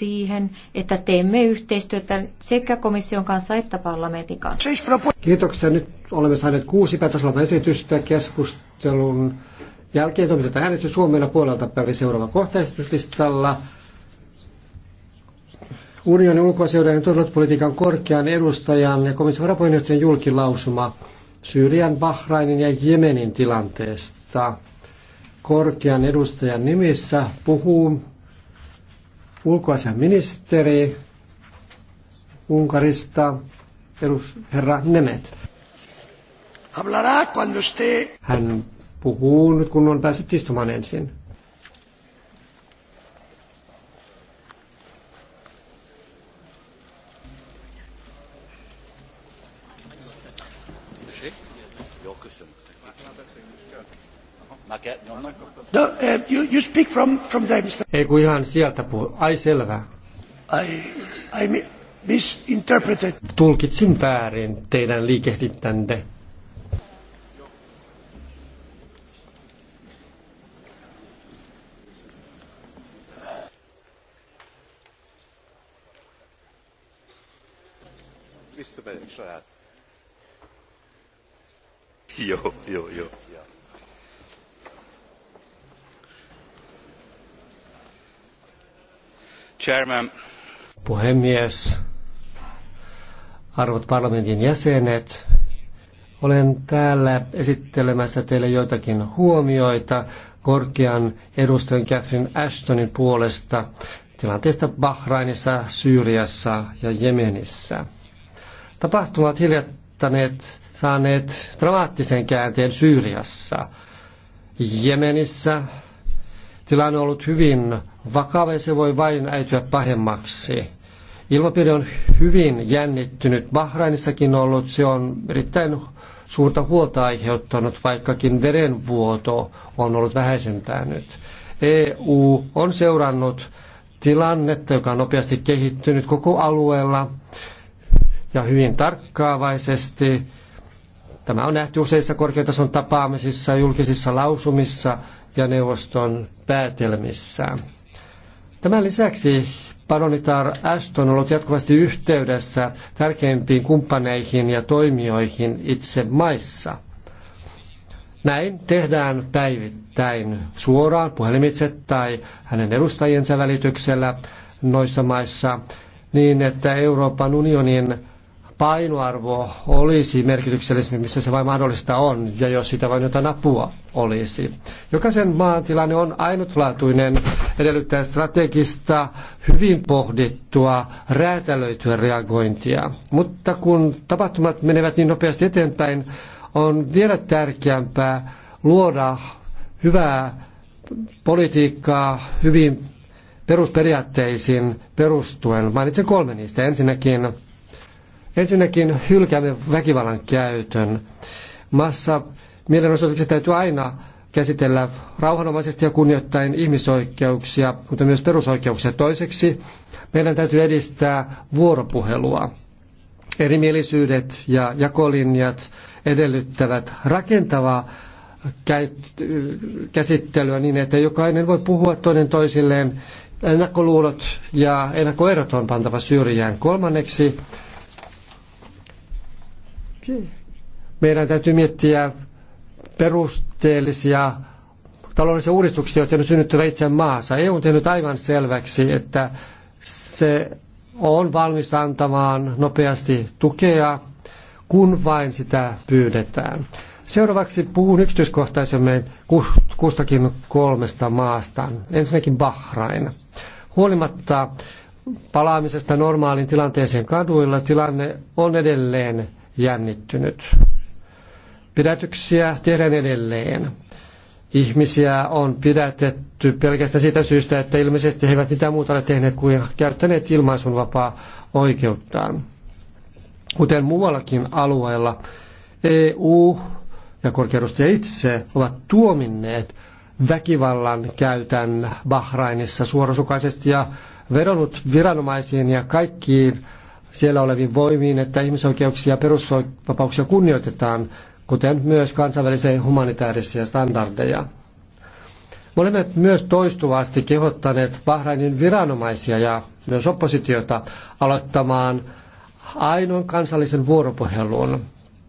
siihen, että teemme yhteistyötä sekä komission kanssa että parlamentin kanssa. Kiitoksia. Nyt olemme saaneet kuusi päätöslaumaesitystä keskustelun jälkeen toimitetaan äänestys Suomella puolelta päivä seuraava kohtaistuslistalla. Unionin ulkoasioiden ja turvallisuuspolitiikan korkean edustajan ja komission varapuheenjohtajan julkilausuma Syyrian, Bahrainin ja Jemenin tilanteesta. Korkean edustajan nimissä puhuu ulkoasiaministeri Unkarista, herra Nemet. Hän puhuu nyt, kun on päässyt istumaan ensin. Mä, no, no. No, uh, you, you speak from, from there, Mr. Ei kun ihan sieltä puhu. Ai selvä. I, I misinterpreted. Tulkitsin väärin teidän liikehdittänne. Joo, joo, joo. Chairman. Puhemies, arvot parlamentin jäsenet, olen täällä esittelemässä teille joitakin huomioita korkean edustajan Catherine Ashtonin puolesta tilanteesta Bahrainissa, Syyriassa ja Jemenissä. Tapahtumat hiljattaneet saaneet dramaattisen käänteen Syyriassa. Jemenissä Tilanne on ollut hyvin vakava ja se voi vain äityä pahemmaksi. Ilmapiiri on hyvin jännittynyt. Bahrainissakin ollut, se on erittäin suurta huolta aiheuttanut, vaikkakin verenvuoto on ollut vähäisempää nyt. EU on seurannut tilannetta, joka on nopeasti kehittynyt koko alueella ja hyvin tarkkaavaisesti. Tämä on nähty useissa korkeatason tapaamisissa, julkisissa lausumissa ja neuvoston päätelmissä. Tämän lisäksi Paronitar Ashton on ollut jatkuvasti yhteydessä tärkeimpiin kumppaneihin ja toimijoihin itse maissa. Näin tehdään päivittäin suoraan puhelimitse tai hänen edustajiensa välityksellä noissa maissa niin, että Euroopan unionin painoarvo olisi merkityksellisempi, missä se vain mahdollista on, ja jos sitä vain jotain apua olisi. Jokaisen maan tilanne on ainutlaatuinen, edellyttää strategista, hyvin pohdittua, räätälöityä reagointia. Mutta kun tapahtumat menevät niin nopeasti eteenpäin, on vielä tärkeämpää luoda hyvää politiikkaa hyvin perusperiaatteisiin perustuen. Mainitsen kolme niistä. Ensinnäkin Ensinnäkin hylkäämme väkivallan käytön. Massa mielenosoitukset täytyy aina käsitellä rauhanomaisesti ja kunnioittain ihmisoikeuksia, mutta myös perusoikeuksia. Toiseksi meidän täytyy edistää vuoropuhelua. Erimielisyydet ja jakolinjat edellyttävät rakentavaa käsittelyä niin, että jokainen voi puhua toinen toisilleen. Ennakkoluulot ja ennakkoerot on pantava syrjään. Kolmanneksi meidän täytyy miettiä perusteellisia taloudellisia uudistuksia, joita on synnyttävä itse maassa. EU on tehnyt aivan selväksi, että se on valmis antamaan nopeasti tukea, kun vain sitä pyydetään. Seuraavaksi puhun yksityiskohtaisemmin kustakin kolmesta maasta. Ensinnäkin Bahrain. Huolimatta palaamisesta normaaliin tilanteeseen kaduilla, tilanne on edelleen jännittynyt. Pidätyksiä tehdään edelleen. Ihmisiä on pidätetty pelkästään siitä syystä, että ilmeisesti he eivät mitään muuta ole tehneet kuin käyttäneet ilmaisunvapaa oikeuttaan. Kuten muuallakin alueella, EU ja korkeudustaja itse ovat tuominneet väkivallan käytän Bahrainissa suorasukaisesti ja vedonnut viranomaisiin ja kaikkiin siellä oleviin voimiin, että ihmisoikeuksia ja perusvapauksia kunnioitetaan, kuten myös kansainvälisiä humanitaarisia standardeja. Me olemme myös toistuvasti kehottaneet Bahrainin viranomaisia ja myös oppositiota aloittamaan ainoan kansallisen vuoropuhelun.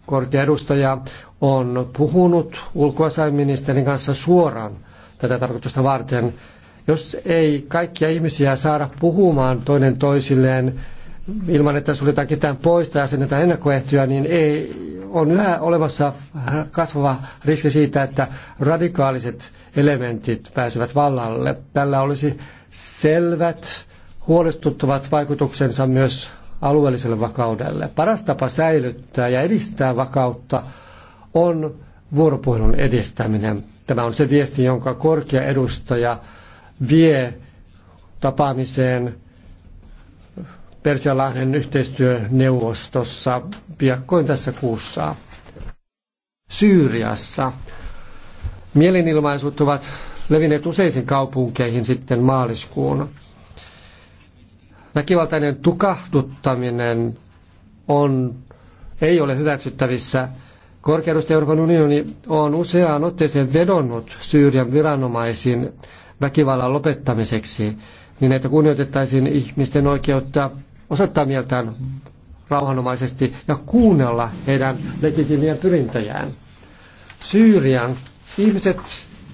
Korkea edustaja on puhunut ulkoasiainministerin kanssa suoraan tätä tarkoitusta varten. Jos ei kaikkia ihmisiä saada puhumaan toinen toisilleen, ilman, että suljetaan ketään pois tai asennetaan ennakkoehtoja, niin ei, on yhä olemassa kasvava riski siitä, että radikaaliset elementit pääsevät vallalle. Tällä olisi selvät, huolestuttavat vaikutuksensa myös alueelliselle vakaudelle. Paras tapa säilyttää ja edistää vakautta on vuoropuhelun edistäminen. Tämä on se viesti, jonka korkea edustaja vie tapaamiseen Persialahden yhteistyöneuvostossa piakkoin tässä kuussa. Syyriassa. Mielenilmaisut ovat levinneet useisiin kaupunkeihin sitten maaliskuun. Väkivaltainen tukahduttaminen on, ei ole hyväksyttävissä. Korkeudusta Euroopan unioni on useaan otteeseen vedonnut Syyrian viranomaisiin väkivallan lopettamiseksi, niin että kunnioitettaisiin ihmisten oikeutta osoittaa mieltään rauhanomaisesti ja kuunnella heidän legitimien pyrintöjään. Syyrian ihmiset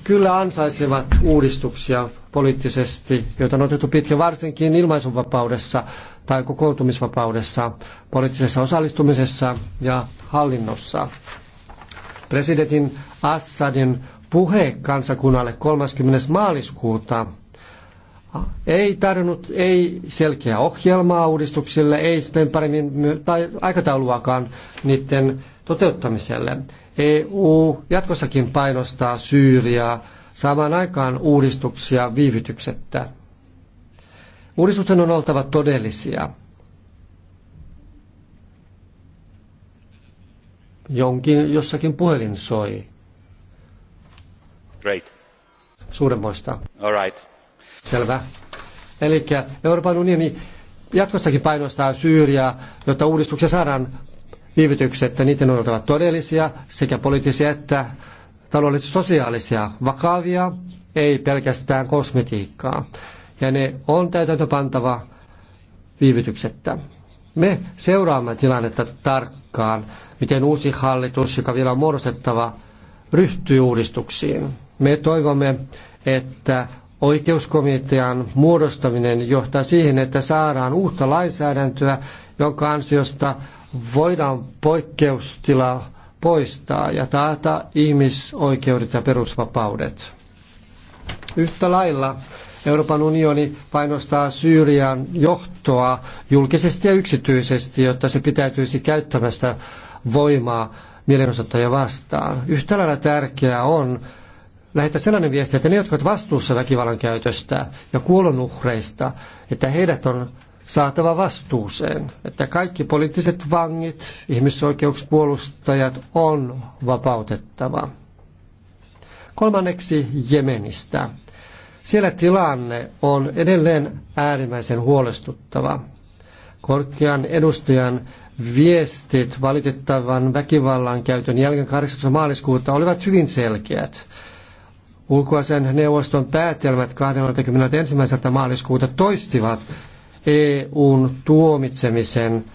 kyllä ansaisivat uudistuksia poliittisesti, joita on otettu pitkä varsinkin ilmaisuvapaudessa tai kokoontumisvapaudessa, poliittisessa osallistumisessa ja hallinnossa. Presidentin Assadin puhe kansakunnalle 30. maaliskuuta ei tarjonnut ei selkeää ohjelmaa uudistuksille, ei sen paremmin tai aikatauluakaan niiden toteuttamiselle. EU jatkossakin painostaa Syyriaa saamaan aikaan uudistuksia viivytyksettä. Uudistuksen on oltava todellisia. Jonkin, jossakin puhelin soi. Great. Suuremmoista. All right. Selvä. Eli Euroopan unioni jatkossakin painostaa Syyriaa, jotta uudistuksia saadaan että Niiden on oltava todellisia, sekä poliittisia että taloudellisia sosiaalisia, vakavia, ei pelkästään kosmetiikkaa. Ja ne on täytäntöpantava viivytyksettä. Me seuraamme tilannetta tarkkaan, miten uusi hallitus, joka vielä on muodostettava, ryhtyy uudistuksiin. Me toivomme, että oikeuskomitean muodostaminen johtaa siihen, että saadaan uutta lainsäädäntöä, jonka ansiosta voidaan poikkeustila poistaa ja taata ihmisoikeudet ja perusvapaudet. Yhtä lailla Euroopan unioni painostaa Syyrian johtoa julkisesti ja yksityisesti, jotta se pitäytyisi käyttämästä voimaa mielenosoittajia vastaan. Yhtä lailla tärkeää on, lähettää sellainen viesti, että ne, jotka ovat vastuussa väkivallan käytöstä ja kuolonuhreista, että heidät on saatava vastuuseen, että kaikki poliittiset vangit, ihmisoikeuspuolustajat on vapautettava. Kolmanneksi Jemenistä. Siellä tilanne on edelleen äärimmäisen huolestuttava. Korkean edustajan viestit valitettavan väkivallan käytön jälkeen 8. maaliskuuta olivat hyvin selkeät. Ulkoisen neuvoston päätelmät 21. maaliskuuta toistivat EUn tuomitsemisen,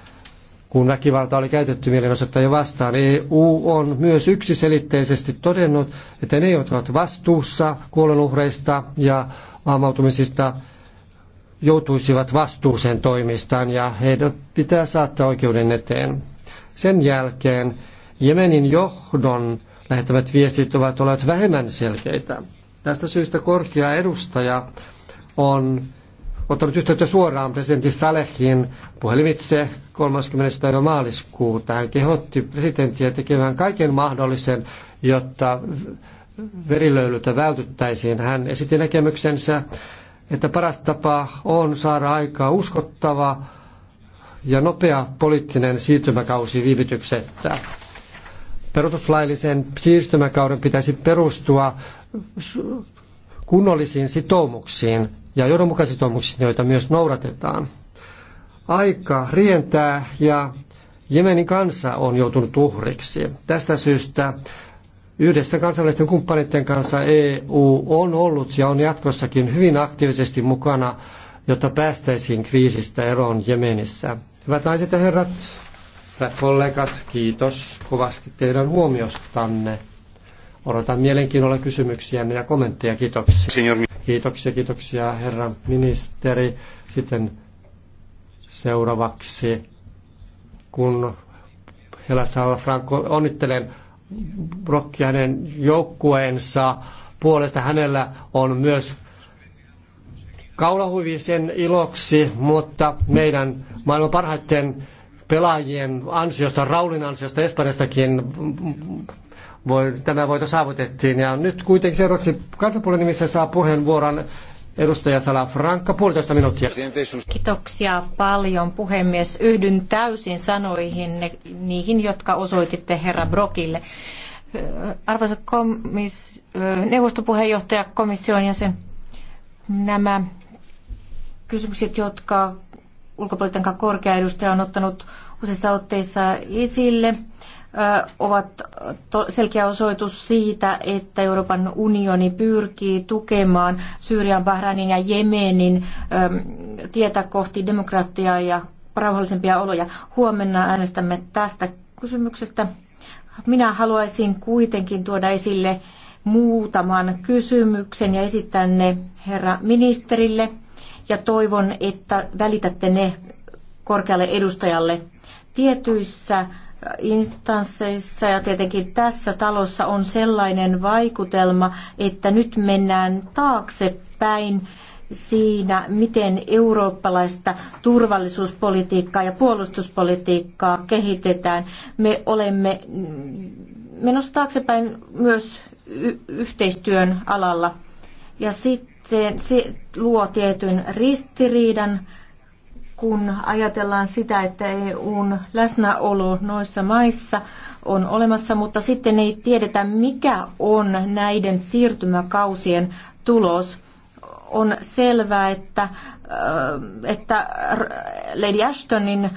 kun väkivalta oli käytetty mielenosoittajia vastaan. EU on myös yksiselitteisesti todennut, että ne, jotka ovat vastuussa kuolonuhreista ja vammautumisista, joutuisivat vastuuseen toimistaan ja heidät pitää saattaa oikeuden eteen. Sen jälkeen Jemenin johdon lähettävät viestit ovat olleet vähemmän selkeitä. Tästä syystä korkea edustaja on ottanut yhteyttä suoraan presidentti Salehin puhelimitse 30. päivä maaliskuuta. Hän kehotti presidenttiä tekemään kaiken mahdollisen, jotta verilöilytä vältyttäisiin. Hän esitti näkemyksensä, että paras tapa on saada aikaa uskottava ja nopea poliittinen siirtymäkausi viivytyksettä perustuslaillisen siirtymäkauden pitäisi perustua kunnollisiin sitoumuksiin ja johdonmukaisiin sitoumuksiin, joita myös noudatetaan. Aika rientää ja Jemenin kansa on joutunut uhriksi. Tästä syystä yhdessä kansainvälisten kumppaneiden kanssa EU on ollut ja on jatkossakin hyvin aktiivisesti mukana, jotta päästäisiin kriisistä eroon Jemenissä. Hyvät naiset ja herrat, Hyvät kollegat, kiitos kovasti teidän huomiostanne. Odotan mielenkiinnolla kysymyksiä ja kommentteja. Kiitoksia. Senior. Kiitoksia, kiitoksia herra ministeri. Sitten seuraavaksi, kun Helasalla Franco onnittelen Brokki hänen joukkueensa puolesta. Hänellä on myös kaulahuivi sen iloksi, mutta meidän maailman parhaiten pelaajien ansiosta, Raulin ansiosta Espanjastakin voi, tämä voitto saavutettiin. Ja nyt kuitenkin seuraavaksi kansanpuolen nimissä saa puheenvuoron Edustaja Sala Frankka, puolitoista minuuttia. Kiitoksia paljon puhemies. Yhdyn täysin sanoihin niihin, jotka osoititte herra Brokille. Arvoisa komis, neuvostopuheenjohtaja, komission jäsen, nämä kysymykset, jotka ulkopolitiikan korkea edustaja on ottanut useissa otteissa esille, ovat selkeä osoitus siitä, että Euroopan unioni pyrkii tukemaan Syyrian, Bahrainin ja Jemenin tietä kohti demokratiaa ja rauhallisempia oloja. Huomenna äänestämme tästä kysymyksestä. Minä haluaisin kuitenkin tuoda esille muutaman kysymyksen ja esittää ne herra ministerille ja toivon, että välitätte ne korkealle edustajalle. Tietyissä instansseissa ja tietenkin tässä talossa on sellainen vaikutelma, että nyt mennään taaksepäin siinä, miten eurooppalaista turvallisuuspolitiikkaa ja puolustuspolitiikkaa kehitetään. Me olemme menossa taaksepäin myös yhteistyön alalla. Ja sitten teen, se luo tietyn ristiriidan, kun ajatellaan sitä, että EUn läsnäolo noissa maissa on olemassa, mutta sitten ei tiedetä, mikä on näiden siirtymäkausien tulos. On selvää, että, että Lady Ashtonin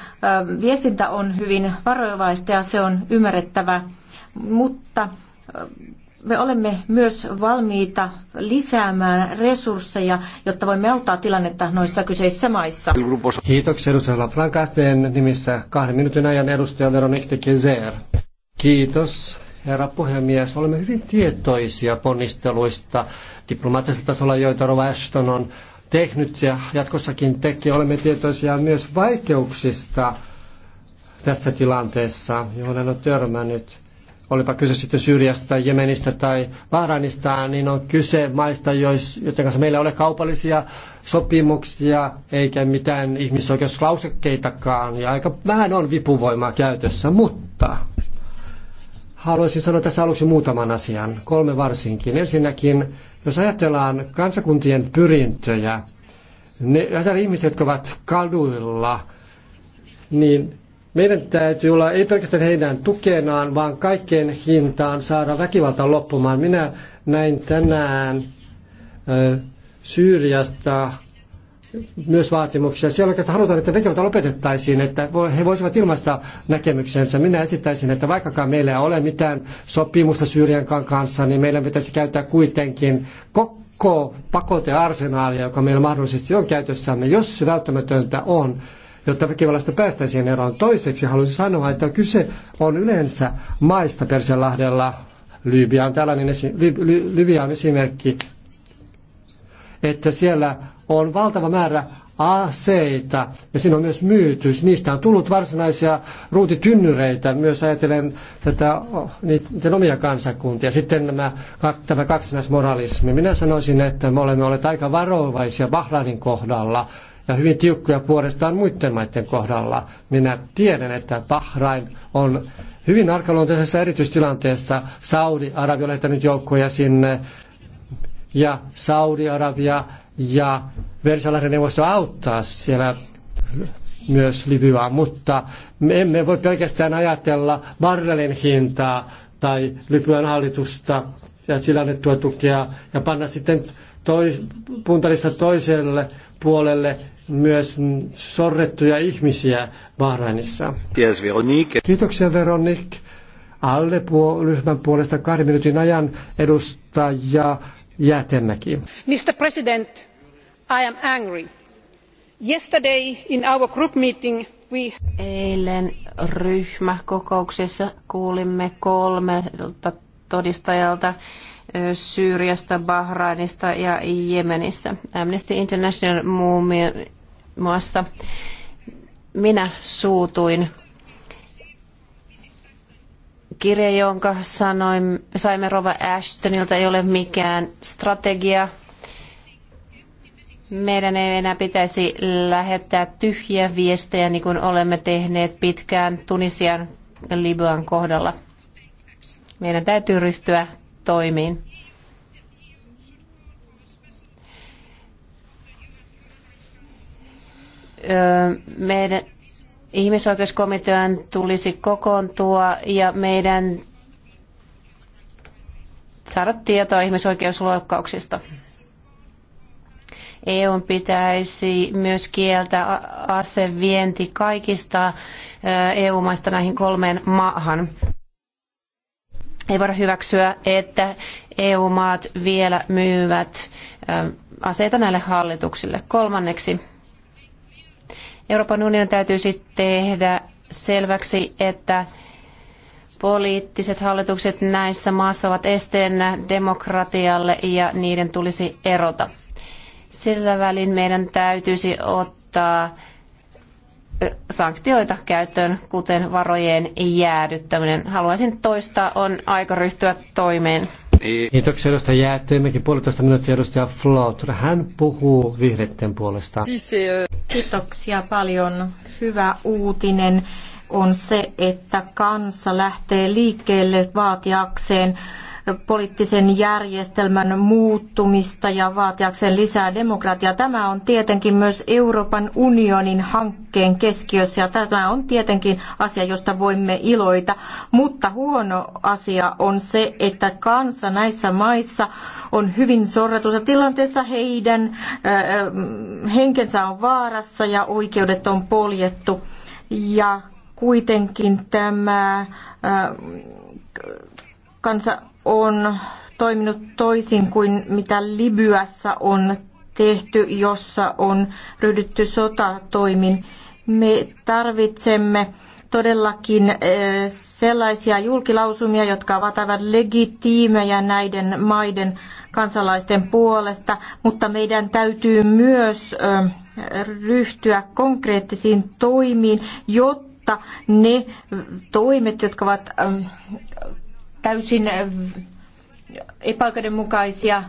viestintä on hyvin varovaista ja se on ymmärrettävä, mutta me olemme myös valmiita lisäämään resursseja, jotta voimme auttaa tilannetta noissa kyseisissä maissa. Kiitoksia edustaja Lafrankasteen nimissä kahden minuutin ajan edustaja Veronique de Kezer. Kiitos herra puhemies. Olemme hyvin tietoisia ponnisteluista diplomaattisella tasolla, joita Rova Ashton on tehnyt ja jatkossakin tekee. Olemme tietoisia myös vaikeuksista tässä tilanteessa, johon hän on törmännyt olipa kyse sitten Syyriasta, Jemenistä tai Bahrainista, niin on kyse maista, joiden kanssa meillä ei ole kaupallisia sopimuksia eikä mitään ihmisoikeuslausekkeitakaan. ja aika vähän on vipuvoimaa käytössä, mutta haluaisin sanoa tässä aluksi muutaman asian, kolme varsinkin. Ensinnäkin, jos ajatellaan kansakuntien pyrintöjä, ne ihmiset, jotka ovat kaduilla, niin meidän täytyy olla ei pelkästään heidän tukenaan, vaan kaikkeen hintaan saada väkivalta loppumaan. Minä näin tänään Syyriasta myös vaatimuksia. Siellä oikeastaan halutaan, että väkivalta lopetettaisiin, että he voisivat ilmaista näkemyksensä. Minä esittäisin, että vaikkakaan meillä ei ole mitään sopimusta Syyrian kanssa, niin meillä pitäisi käyttää kuitenkin koko pakotearsenaalia, joka meillä mahdollisesti on käytössämme, jos se välttämätöntä on jotta väkivallasta päästäisiin eroon. Toiseksi haluaisin sanoa, että kyse on yleensä maista Persianlahdella. Libya on, tällainen esi- Ly- Ly- Ly- esimerkki, että siellä on valtava määrä aseita ja siinä on myös myyty. Niistä on tullut varsinaisia ruutitynnyreitä, myös ajatellen tätä, niiden omia kansakuntia. Sitten nämä, tämä kaksinaismoralismi. Minä sanoisin, että me olemme olleet aika varovaisia Bahrainin kohdalla ja hyvin tiukkoja puolestaan muiden maiden kohdalla. Minä tiedän, että Bahrain on hyvin arkaluonteisessa erityistilanteessa. Saudi-Arabia on lähtenyt joukkoja sinne ja Saudi-Arabia ja Versailles neuvosto auttaa siellä myös Libyaa, mutta me emme voi pelkästään ajatella barrelin hintaa tai Libyan hallitusta ja sillä annettua tukea ja panna sitten toi, puntarissa toiselle puolelle myös sorrettuja ihmisiä Bahrainissa. Ties Veronique. Kiitoksia Veronique. Alle ryhmän puolesta kahden minuutin ajan edustaja Jätemäki. Mr. President, I am angry. Yesterday in our group meeting we... Eilen ryhmäkokouksessa kuulimme kolmelta todistajalta Syyriasta, Bahrainista ja Jemenissä. Amnesty International muun muassa minä suutuin kirja, jonka sanoin, saimme Rova Ashtonilta, ei ole mikään strategia. Meidän ei enää pitäisi lähettää tyhjiä viestejä, niin kuin olemme tehneet pitkään Tunisian ja Libyan kohdalla. Meidän täytyy ryhtyä toimiin. Meidän ihmisoikeuskomitean tulisi kokoontua ja meidän saada tietoa ihmisoikeusloukkauksista. EU pitäisi myös kieltää asevienti kaikista EU-maista näihin kolmeen maahan. Ei voida hyväksyä, että EU-maat vielä myyvät aseita näille hallituksille. Kolmanneksi, Euroopan unionin täytyisi tehdä selväksi, että poliittiset hallitukset näissä maissa ovat esteenä demokratialle ja niiden tulisi erota. Sillä välin meidän täytyisi ottaa sanktioita käyttöön, kuten varojen jäädyttäminen. Haluaisin toistaa, on aika ryhtyä toimeen. Kiitoksia edustaja Jäätteenmäki. Puolitoista minuuttia edustaja Flautra. Hän puhuu vihreiden puolesta. Kiitoksia paljon. Hyvä uutinen on se, että kansa lähtee liikkeelle vaatiakseen poliittisen järjestelmän muuttumista ja vaatiakseen lisää demokratiaa. Tämä on tietenkin myös Euroopan unionin hankkeen keskiössä ja tämä on tietenkin asia, josta voimme iloita. Mutta huono asia on se, että kansa näissä maissa on hyvin sorretussa tilanteessa. Heidän äh, äh, henkensä on vaarassa ja oikeudet on poljettu. Ja kuitenkin tämä äh, kansa on toiminut toisin kuin mitä Libyassa on tehty, jossa on ryhdytty sotatoimin. Me tarvitsemme todellakin eh, sellaisia julkilausumia, jotka ovat aivan legitiimejä näiden maiden kansalaisten puolesta, mutta meidän täytyy myös eh, ryhtyä konkreettisiin toimiin, jotta ne toimet, jotka ovat eh, täysin epäoikeudenmukaisia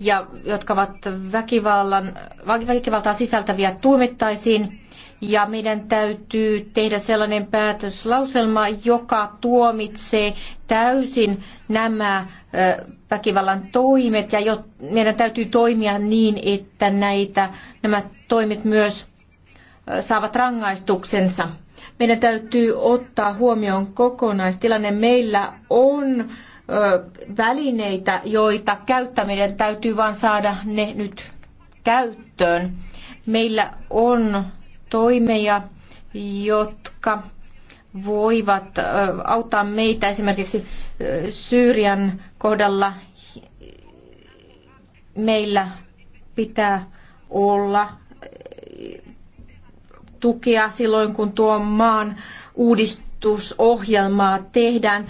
ja jotka ovat väkivallan, väkivaltaa sisältäviä tuomittaisiin. Ja meidän täytyy tehdä sellainen päätöslauselma, joka tuomitsee täysin nämä väkivallan toimet. Ja jo, meidän täytyy toimia niin, että näitä, nämä toimet myös saavat rangaistuksensa. Meidän täytyy ottaa huomioon kokonaistilanne. Meillä on välineitä, joita käyttää. Meidän täytyy vain saada ne nyt käyttöön. Meillä on toimeja, jotka voivat auttaa meitä esimerkiksi Syyrian kohdalla. Meillä pitää olla tukea silloin, kun tuo maan uudistusohjelmaa tehdään.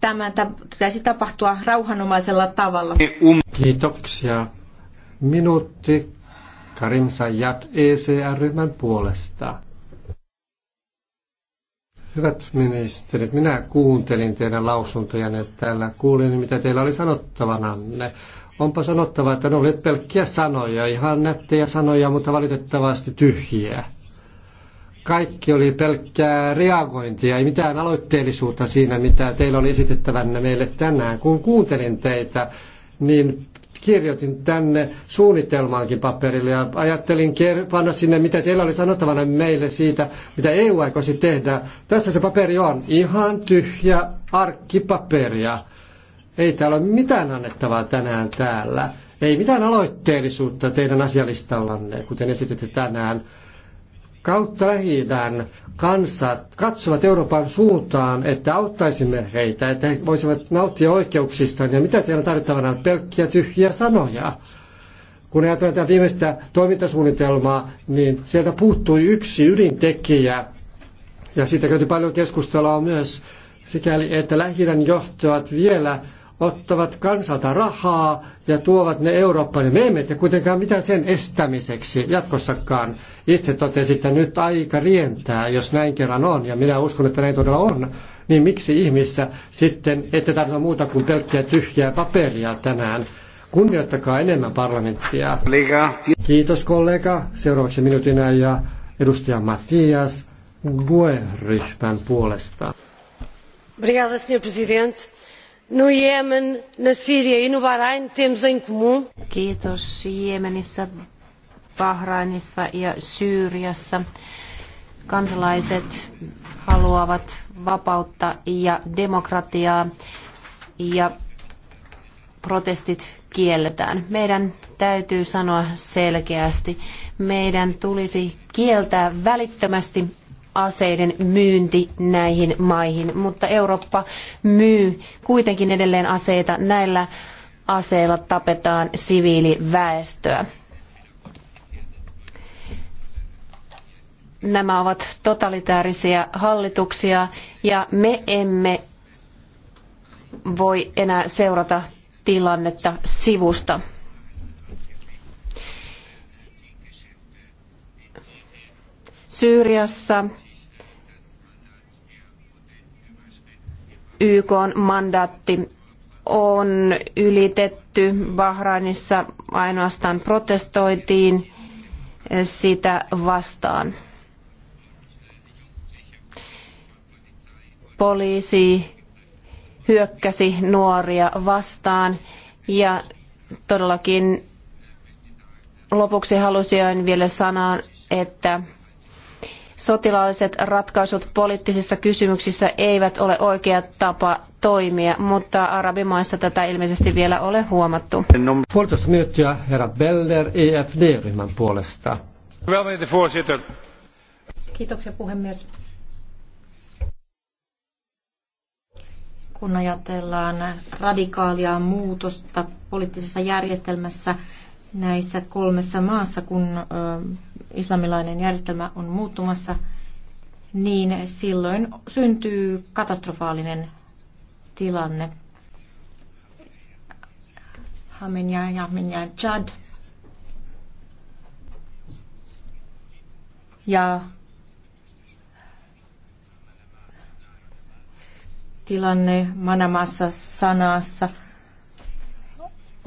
Tämä pitäisi tapahtua rauhanomaisella tavalla. Kiitoksia. Minuutti Karim Sajat ECR-ryhmän puolesta. Hyvät ministerit, minä kuuntelin teidän lausuntojanne täällä, kuulin mitä teillä oli sanottavananne. Onpa sanottava, että ne olivat pelkkiä sanoja, ihan nättejä sanoja, mutta valitettavasti tyhjiä kaikki oli pelkkää reagointia, ei mitään aloitteellisuutta siinä, mitä teillä oli esitettävänne meille tänään. Kun kuuntelin teitä, niin kirjoitin tänne suunnitelmaankin paperille ja ajattelin panna sinne, mitä teillä oli sanottavana meille siitä, mitä EU aikoisi tehdä. Tässä se paperi on, ihan tyhjä arkkipaperia. Ei täällä ole mitään annettavaa tänään täällä. Ei mitään aloitteellisuutta teidän asialistallanne, kuten esititte tänään kautta lähi kansat katsovat Euroopan suuntaan, että auttaisimme heitä, että he voisivat nauttia oikeuksistaan. Ja mitä teillä on pelkkiä tyhjiä sanoja? Kun ajatellaan tätä viimeistä toimintasuunnitelmaa, niin sieltä puuttui yksi ydintekijä. Ja siitä käyty paljon keskustelua myös sikäli, että lähi johtavat vielä ottavat kansalta rahaa ja tuovat ne Eurooppaan. Ja me emme tee kuitenkaan mitään sen estämiseksi jatkossakaan. Itse totesin, että nyt aika rientää, jos näin kerran on, ja minä uskon, että näin todella on. Niin miksi ihmissä sitten ette tarvita muuta kuin pelkkiä tyhjää paperia tänään? Kunnioittakaa enemmän parlamenttia. Kiitos kollega. Seuraavaksi minuutin ja edustaja Matias Gue-ryhmän puolesta. Obrigada, senhor presidente No Iémen, na Síria e no Bahrein temos em comum. Kiitos Jemenissä, Bahrainissa ja Syyriassa. Kansalaiset haluavat vapautta ja demokratiaa ja protestit kielletään. Meidän täytyy sanoa selkeästi, meidän tulisi kieltää välittömästi aseiden myynti näihin maihin, mutta Eurooppa myy kuitenkin edelleen aseita. Näillä aseilla tapetaan siviiliväestöä. Nämä ovat totalitaarisia hallituksia ja me emme voi enää seurata tilannetta sivusta. Syyriassa YK mandaatti on ylitetty. Bahrainissa ainoastaan protestoitiin sitä vastaan. Poliisi hyökkäsi nuoria vastaan ja todellakin lopuksi halusin vielä sanoa, että sotilaalliset ratkaisut poliittisissa kysymyksissä eivät ole oikea tapa toimia, mutta arabimaissa tätä ilmeisesti vielä ole huomattu. Puolitoista minuuttia herra Beller EFD-ryhmän puolesta. Kiitoksia puhemies. kun ajatellaan radikaalia muutosta poliittisessa järjestelmässä, näissä kolmessa maassa, kun islamilainen järjestelmä on muuttumassa, niin silloin syntyy katastrofaalinen tilanne. Hamenja, Hamenja, Chad. Ja tilanne Manamassa sanassa –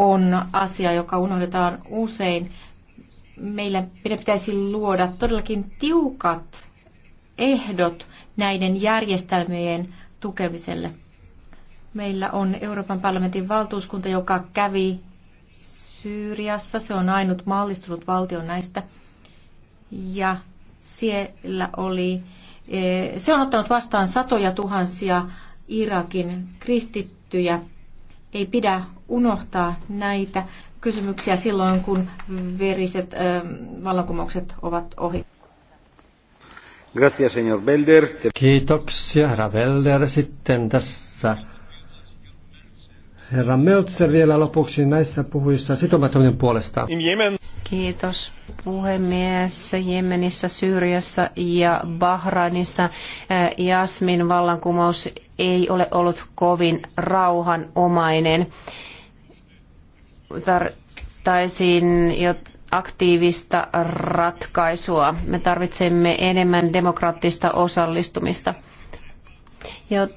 on asia, joka unohdetaan usein. Meillä pitäisi luoda todellakin tiukat ehdot näiden järjestelmien tukemiselle. Meillä on Euroopan parlamentin valtuuskunta, joka kävi Syyriassa. Se on ainut mallistunut valtio näistä. Ja siellä oli, eh, se on ottanut vastaan satoja tuhansia Irakin kristittyjä ei pidä unohtaa näitä kysymyksiä silloin, kun veriset vallankumoukset ovat ohi. Gracias, señor Belder. Kiitoksia, herra Belder. Sitten tässä herra Meltzer vielä lopuksi näissä puhuissa sitomattomien puolesta. Kiitos puhemies. Jemenissä, Syyriassa ja Bahrainissa Jasmin vallankumous ei ole ollut kovin rauhanomainen. Tarvittaisiin jo aktiivista ratkaisua. Me tarvitsemme enemmän demokraattista osallistumista. Ja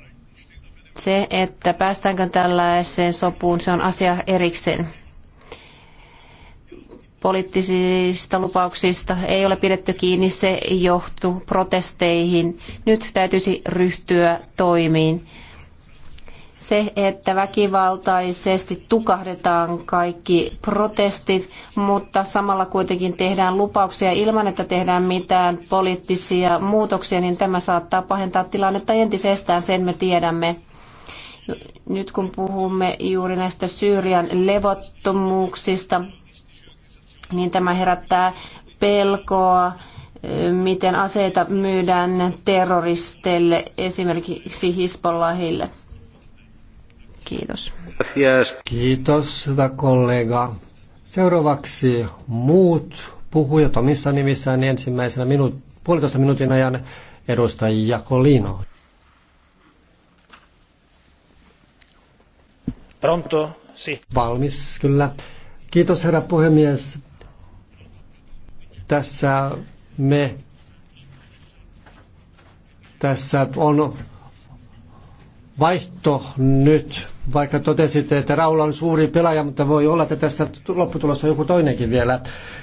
se, että päästäänkö tällaiseen sopuun, se on asia erikseen poliittisista lupauksista ei ole pidetty kiinni, se johtuu protesteihin. Nyt täytyisi ryhtyä toimiin. Se, että väkivaltaisesti tukahdetaan kaikki protestit, mutta samalla kuitenkin tehdään lupauksia ilman, että tehdään mitään poliittisia muutoksia, niin tämä saattaa pahentaa tilannetta entisestään, sen me tiedämme nyt kun puhumme juuri näistä Syyrian levottomuuksista, niin tämä herättää pelkoa, miten aseita myydään terroristeille, esimerkiksi Hisbollahille. Kiitos. Kiitos, hyvä kollega. Seuraavaksi muut puhujat omissa nimissään niin ensimmäisenä minuut, puolitoista minuutin ajan edustaja Kolino. Pronto, si. Valmis, kyllä. Kiitos herra puhemies. Tässä me tässä on vaihto nyt, vaikka totesitte, että Raula on suuri pelaaja, mutta voi olla, että tässä lopputulossa on joku toinenkin vielä.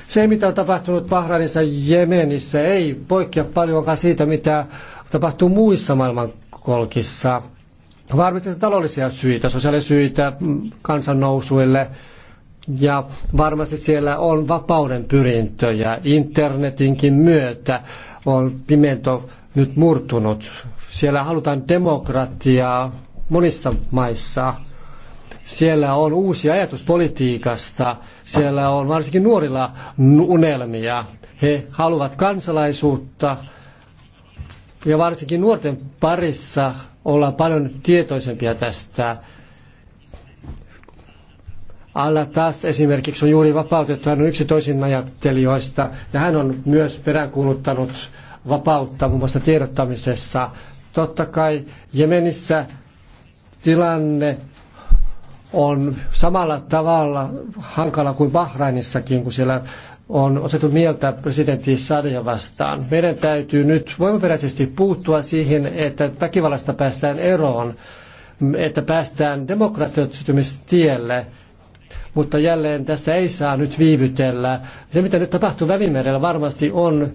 Se, mitä on tapahtunut Bahrainissa Jemenissä, ei poikkea paljonkaan siitä, mitä tapahtuu muissa maailmankolkissa. Varmasti taloudellisia syitä, sosiaalisyitä kansannousuille – ja varmasti siellä on vapauden pyrintöjä. Internetinkin myötä on pimento nyt murtunut. Siellä halutaan demokratiaa monissa maissa. Siellä on uusi ajatus politiikasta. Siellä on varsinkin nuorilla unelmia. He haluavat kansalaisuutta. Ja varsinkin nuorten parissa ollaan paljon tietoisempia tästä Alla taas esimerkiksi on juuri vapautettu, hän on yksi toisin ajattelijoista ja hän on myös peräänkuuluttanut vapautta muun muassa tiedottamisessa. Totta kai Jemenissä tilanne on samalla tavalla hankala kuin Bahrainissakin, kun siellä on otettu mieltä presidentti Sadia vastaan. Meidän täytyy nyt voimaperäisesti puuttua siihen, että väkivallasta päästään eroon, että päästään demokratioitumistielle mutta jälleen tässä ei saa nyt viivytellä. Se, mitä nyt tapahtuu Välimerellä, varmasti on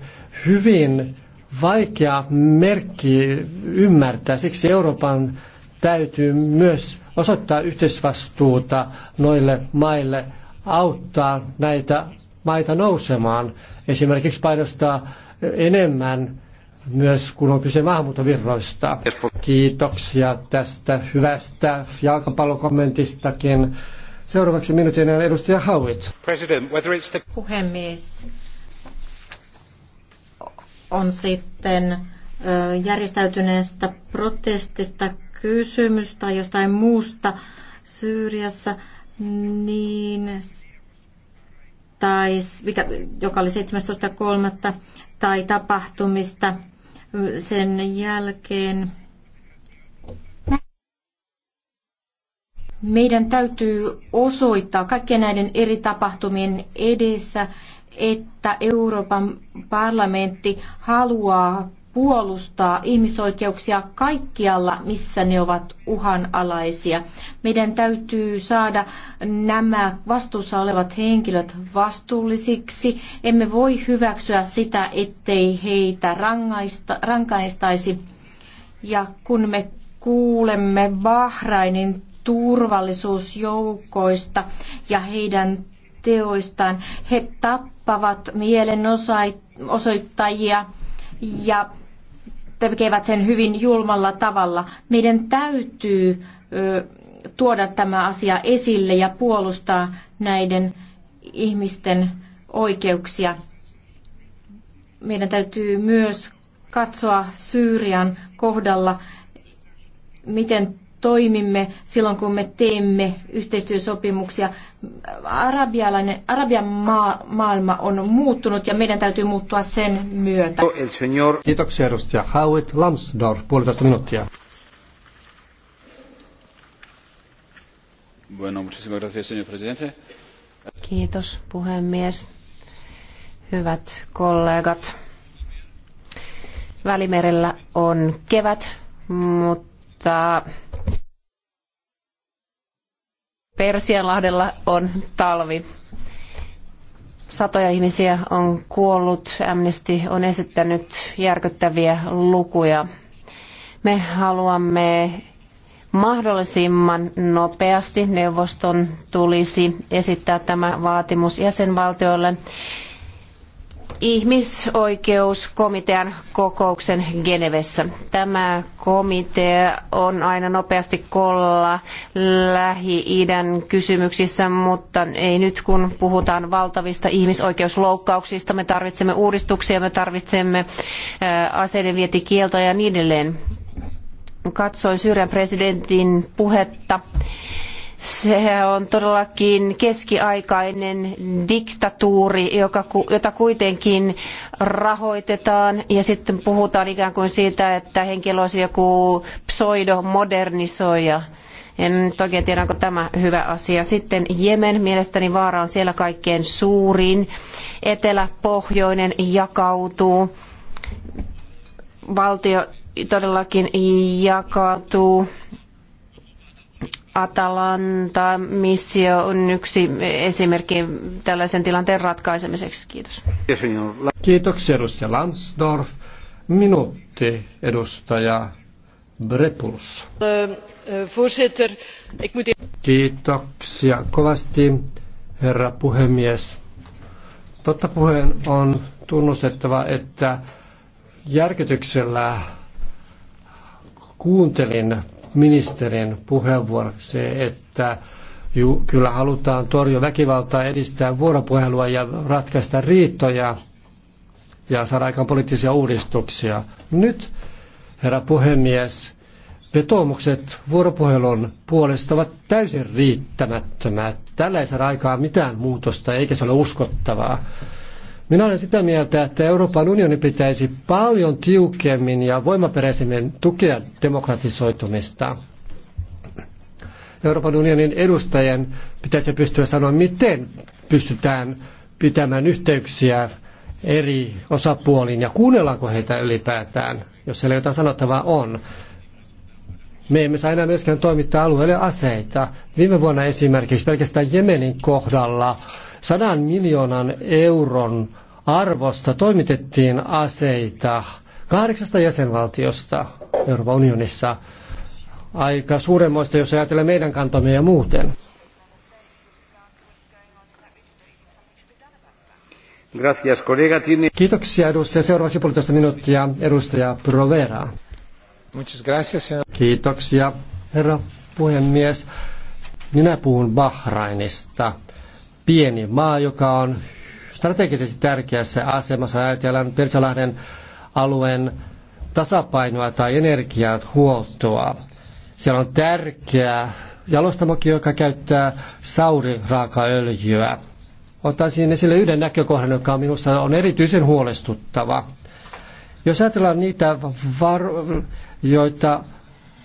hyvin vaikea merkki ymmärtää. Siksi Euroopan täytyy myös osoittaa yhteisvastuuta noille maille, auttaa näitä maita nousemaan, esimerkiksi painostaa enemmän myös kun on kyse maahanmuuttovirroista. Kiitoksia tästä hyvästä jalkapallokommentistakin. Seuraavaksi minuutin edustaja Howitt. The... Puhemies, on sitten järjestäytyneestä protestista kysymys tai jostain muusta Syyriassa, niin tai mikä, joka oli 17.3. tai tapahtumista sen jälkeen Meidän täytyy osoittaa kaikkien näiden eri tapahtumien edessä, että Euroopan parlamentti haluaa puolustaa ihmisoikeuksia kaikkialla, missä ne ovat uhanalaisia. Meidän täytyy saada nämä vastuussa olevat henkilöt vastuullisiksi. Emme voi hyväksyä sitä, ettei heitä rangaista, rankaistaisi. Ja kun me kuulemme Bahrainin turvallisuusjoukoista ja heidän teoistaan. He tappavat mielenosoittajia ja tekevät sen hyvin julmalla tavalla. Meidän täytyy tuoda tämä asia esille ja puolustaa näiden ihmisten oikeuksia. Meidän täytyy myös katsoa Syyrian kohdalla, miten toimimme silloin, kun me teemme yhteistyösopimuksia. Arabialainen, Arabian maa, maailma on muuttunut ja meidän täytyy muuttua sen myötä. Kiitoksia edustaja Howard Lamsdorf, puolitoista minuuttia. Kiitos puhemies. Hyvät kollegat. Välimerellä on kevät, mutta Persianlahdella on talvi. Satoja ihmisiä on kuollut. Amnesty on esittänyt järkyttäviä lukuja. Me haluamme mahdollisimman nopeasti neuvoston tulisi esittää tämä vaatimus jäsenvaltioille ihmisoikeuskomitean kokouksen Genevessä. Tämä komitea on aina nopeasti kolla Lähi-idän kysymyksissä, mutta ei nyt kun puhutaan valtavista ihmisoikeusloukkauksista. Me tarvitsemme uudistuksia, me tarvitsemme aseiden vietikieltoja ja niin edelleen. Katsoin Syyrian presidentin puhetta se on todellakin keskiaikainen diktatuuri, joka, jota kuitenkin rahoitetaan ja sitten puhutaan ikään kuin siitä, että henkilö olisi joku pseudomodernisoija. En nyt oikein tiedä, onko tämä hyvä asia. Sitten Jemen, mielestäni vaara on siellä kaikkein suurin. Etelä-pohjoinen jakautuu. Valtio todellakin jakautuu. Atalanta-missio on yksi esimerkki tällaisen tilanteen ratkaisemiseksi. Kiitos. Kiitoksia edustaja Lansdorf. Minuutti edustaja Brepuls. Kiitoksia kovasti, herra puhemies. Totta puheen on tunnustettava, että järkytyksellä kuuntelin ministerin puheenvuoro se, että ju, kyllä halutaan torjua väkivaltaa, edistää vuoropuhelua ja ratkaista riittoja ja saada aikaan poliittisia uudistuksia. Nyt, herra puhemies, vetoomukset vuoropuhelun puolesta ovat täysin riittämättömät. Tällä ei saada aikaa mitään muutosta, eikä se ole uskottavaa. Minä olen sitä mieltä, että Euroopan unioni pitäisi paljon tiukemmin ja voimaperäisemmin tukea demokratisoitumista. Euroopan unionin edustajien pitäisi pystyä sanoa, miten pystytään pitämään yhteyksiä eri osapuoliin ja kuunnellaanko heitä ylipäätään, jos siellä jotain sanottavaa on. Me emme saa enää myöskään toimittaa alueelle aseita. Viime vuonna esimerkiksi pelkästään Jemenin kohdalla Sadan miljoonan euron arvosta toimitettiin aseita kahdeksasta jäsenvaltiosta Euroopan unionissa. Aika suuremmoista, jos ajatellaan meidän kantamme ja muuten. Gracias, kollega Kiitoksia edustaja. Seuraavaksi puolitoista minuuttia edustaja Provera. Muchas gracias. Kiitoksia, herra puhemies. Minä puhun Bahrainista pieni maa, joka on strategisesti tärkeässä asemassa. Ajatellaan Persalahden alueen tasapainoa tai energiahuoltoa. Siellä on tärkeä jalostamokin, joka käyttää sauriraakaöljyä. Ottaisin esille yhden näkökohdan, joka minusta on erityisen huolestuttava. Jos ajatellaan niitä, joita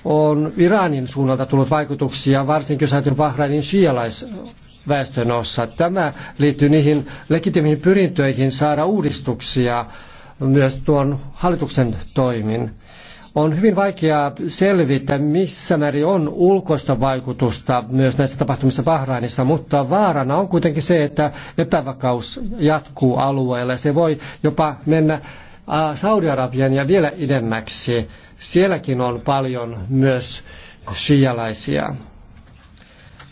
on Iranin suunnalta tullut vaikutuksia, varsinkin jos ajatellaan Bahrainin shialais väestön osa. Tämä liittyy niihin legitimiin pyrintöihin saada uudistuksia myös tuon hallituksen toimin. On hyvin vaikeaa selvitä, missä määrin on ulkoista vaikutusta myös näissä tapahtumissa Bahrainissa, mutta vaarana on kuitenkin se, että epävakaus jatkuu alueella. Se voi jopa mennä Saudi-Arabian ja vielä idemmäksi. Sielläkin on paljon myös shialaisia.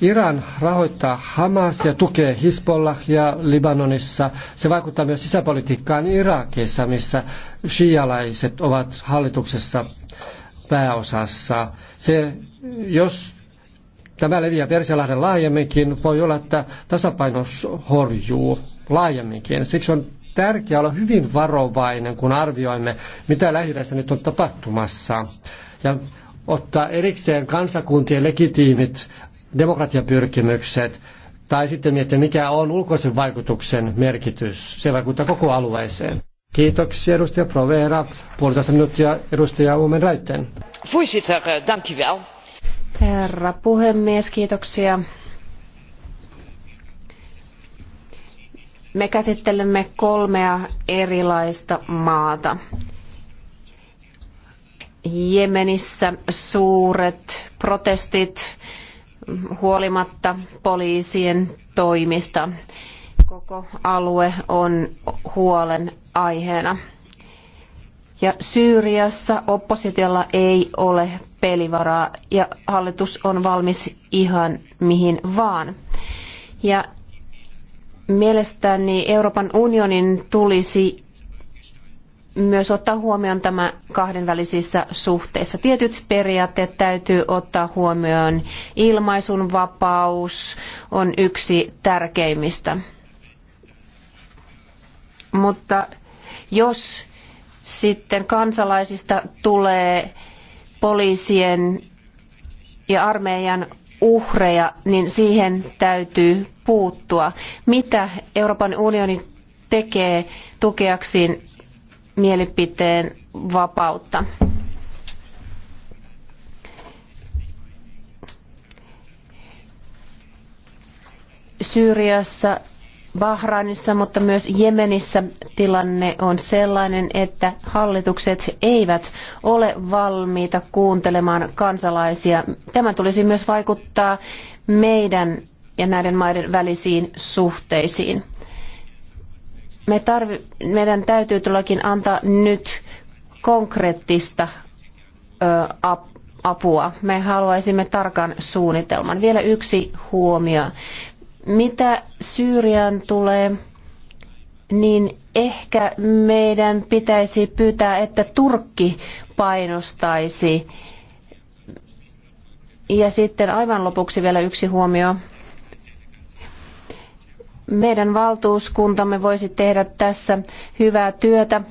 Iran rahoittaa Hamas ja tukee Hisbollahia Libanonissa. Se vaikuttaa myös sisäpolitiikkaan Irakissa, missä shialaiset ovat hallituksessa pääosassa. Se, jos tämä leviää Persialahden laajemminkin, voi olla, että tasapaino horjuu laajemminkin. Siksi on tärkeää olla hyvin varovainen, kun arvioimme, mitä lähi nyt on tapahtumassa. Ja ottaa erikseen kansakuntien legitiimit demokratiapyrkimykset, tai sitten miettiä, mikä on ulkoisen vaikutuksen merkitys. Se vaikuttaa koko alueeseen. Kiitoksia edustaja Provera. Puolitoista minuuttia edustaja Uumen Räytten. Eh, Herra puhemies, kiitoksia. Me käsittelemme kolmea erilaista maata. Jemenissä suuret protestit huolimatta poliisien toimista. Koko alue on huolen aiheena. Ja Syyriassa oppositiolla ei ole pelivaraa ja hallitus on valmis ihan mihin vaan. Ja mielestäni Euroopan unionin tulisi myös ottaa huomioon tämä kahdenvälisissä suhteissa. Tietyt periaatteet täytyy ottaa huomioon. Ilmaisun vapaus on yksi tärkeimmistä. Mutta jos sitten kansalaisista tulee poliisien ja armeijan uhreja, niin siihen täytyy puuttua. Mitä Euroopan unioni tekee tukeakseen mielipiteen vapautta. Syyriassa, Bahrainissa, mutta myös Jemenissä tilanne on sellainen, että hallitukset eivät ole valmiita kuuntelemaan kansalaisia. Tämä tulisi myös vaikuttaa meidän ja näiden maiden välisiin suhteisiin. Me tarvi, meidän täytyy todellakin antaa nyt konkreettista ö, ap, apua. Me haluaisimme tarkan suunnitelman. Vielä yksi huomio. Mitä Syyriaan tulee, niin ehkä meidän pitäisi pyytää, että Turkki painostaisi. Ja sitten aivan lopuksi vielä yksi huomio. Meidän valtuuskuntamme voisi tehdä tässä hyvää työtä.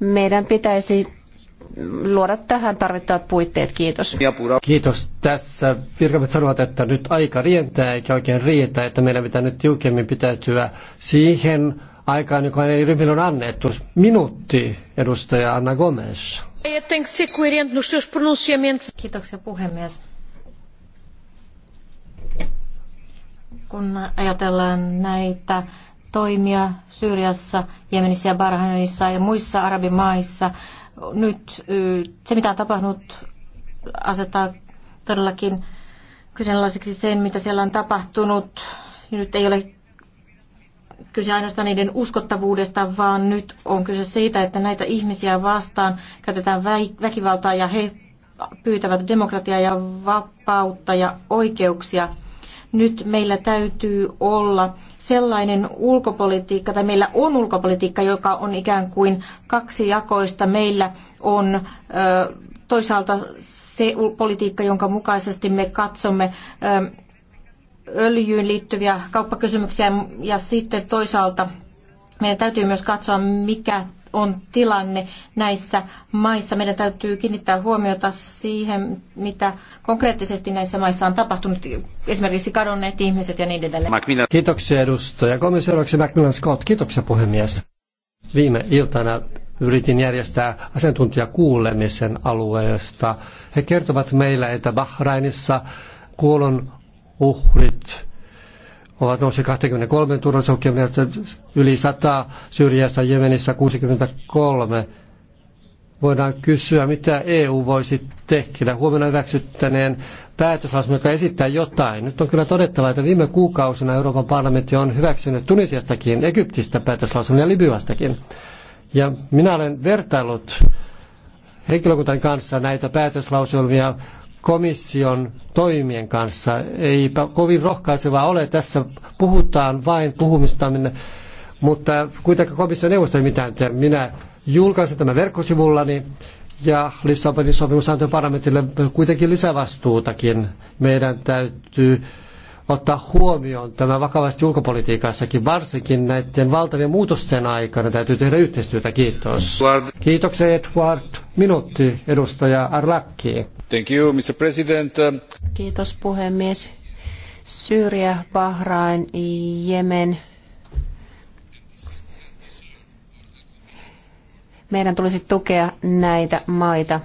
Meidän pitäisi luoda tähän tarvittavat puitteet. Kiitos. Kiitos. Tässä virkamiehet sanovat, että nyt aika rientää eikä oikein riitä, että meidän pitää nyt tiukemmin pitäytyä siihen aikaan, joka ei ryhmille on annettu. Minuutti, edustaja Anna Gomes. Kiitoksia puhemies. kun ajatellaan näitä toimia Syyriassa, Jemenissä ja Bahrainissa ja muissa arabimaissa, nyt se mitä on tapahtunut asettaa todellakin kyseenalaiseksi sen, mitä siellä on tapahtunut. Nyt ei ole kyse ainoastaan niiden uskottavuudesta, vaan nyt on kyse siitä, että näitä ihmisiä vastaan käytetään väkivaltaa ja he pyytävät demokratiaa ja vapautta ja oikeuksia nyt meillä täytyy olla sellainen ulkopolitiikka, tai meillä on ulkopolitiikka, joka on ikään kuin kaksijakoista. Meillä on toisaalta se politiikka, jonka mukaisesti me katsomme öljyyn liittyviä kauppakysymyksiä, ja sitten toisaalta meidän täytyy myös katsoa, mikä on tilanne näissä maissa. Meidän täytyy kiinnittää huomiota siihen, mitä konkreettisesti näissä maissa on tapahtunut, esimerkiksi kadonneet ihmiset ja niin edelleen. Kiitoksia edustaja. Komissaariksi Macmillan Scott. Kiitoksia puhemies. Viime iltana yritin järjestää asiantuntijakuulemisen alueesta. He kertovat meille, että Bahrainissa kuolon uhrit ovat nousseet 23 turvallisuusohjelmia, yli 100 Syyriassa, Jemenissä 63. Voidaan kysyä, mitä EU voisi tehdä huomenna hyväksyttäneen päätöslausuma, joka esittää jotain. Nyt on kyllä todettava, että viime kuukausina Euroopan parlamentti on hyväksynyt Tunisiastakin, Egyptistä päätöslausumia ja Libyastakin. Ja minä olen vertailut henkilökuntan kanssa näitä päätöslauselmia komission toimien kanssa. Ei kovin rohkaisevaa ole. Tässä puhutaan vain puhumista, mutta kuitenkaan komission neuvosto ei mitään tee. Minä julkaisen tämän verkkosivullani ja Lissabonin sopimus antoi parlamentille kuitenkin lisävastuutakin. Meidän täytyy ottaa huomioon tämä vakavasti ulkopolitiikassakin, varsinkin näiden valtavien muutosten aikana täytyy tehdä yhteistyötä. Kiitos. Kiitoksia Edward. Minuutti edustaja Arlakki arvoisa Kiitos puhemies. Syyria, Bahrain, Jemen. Meidän tulisi tukea näitä maita.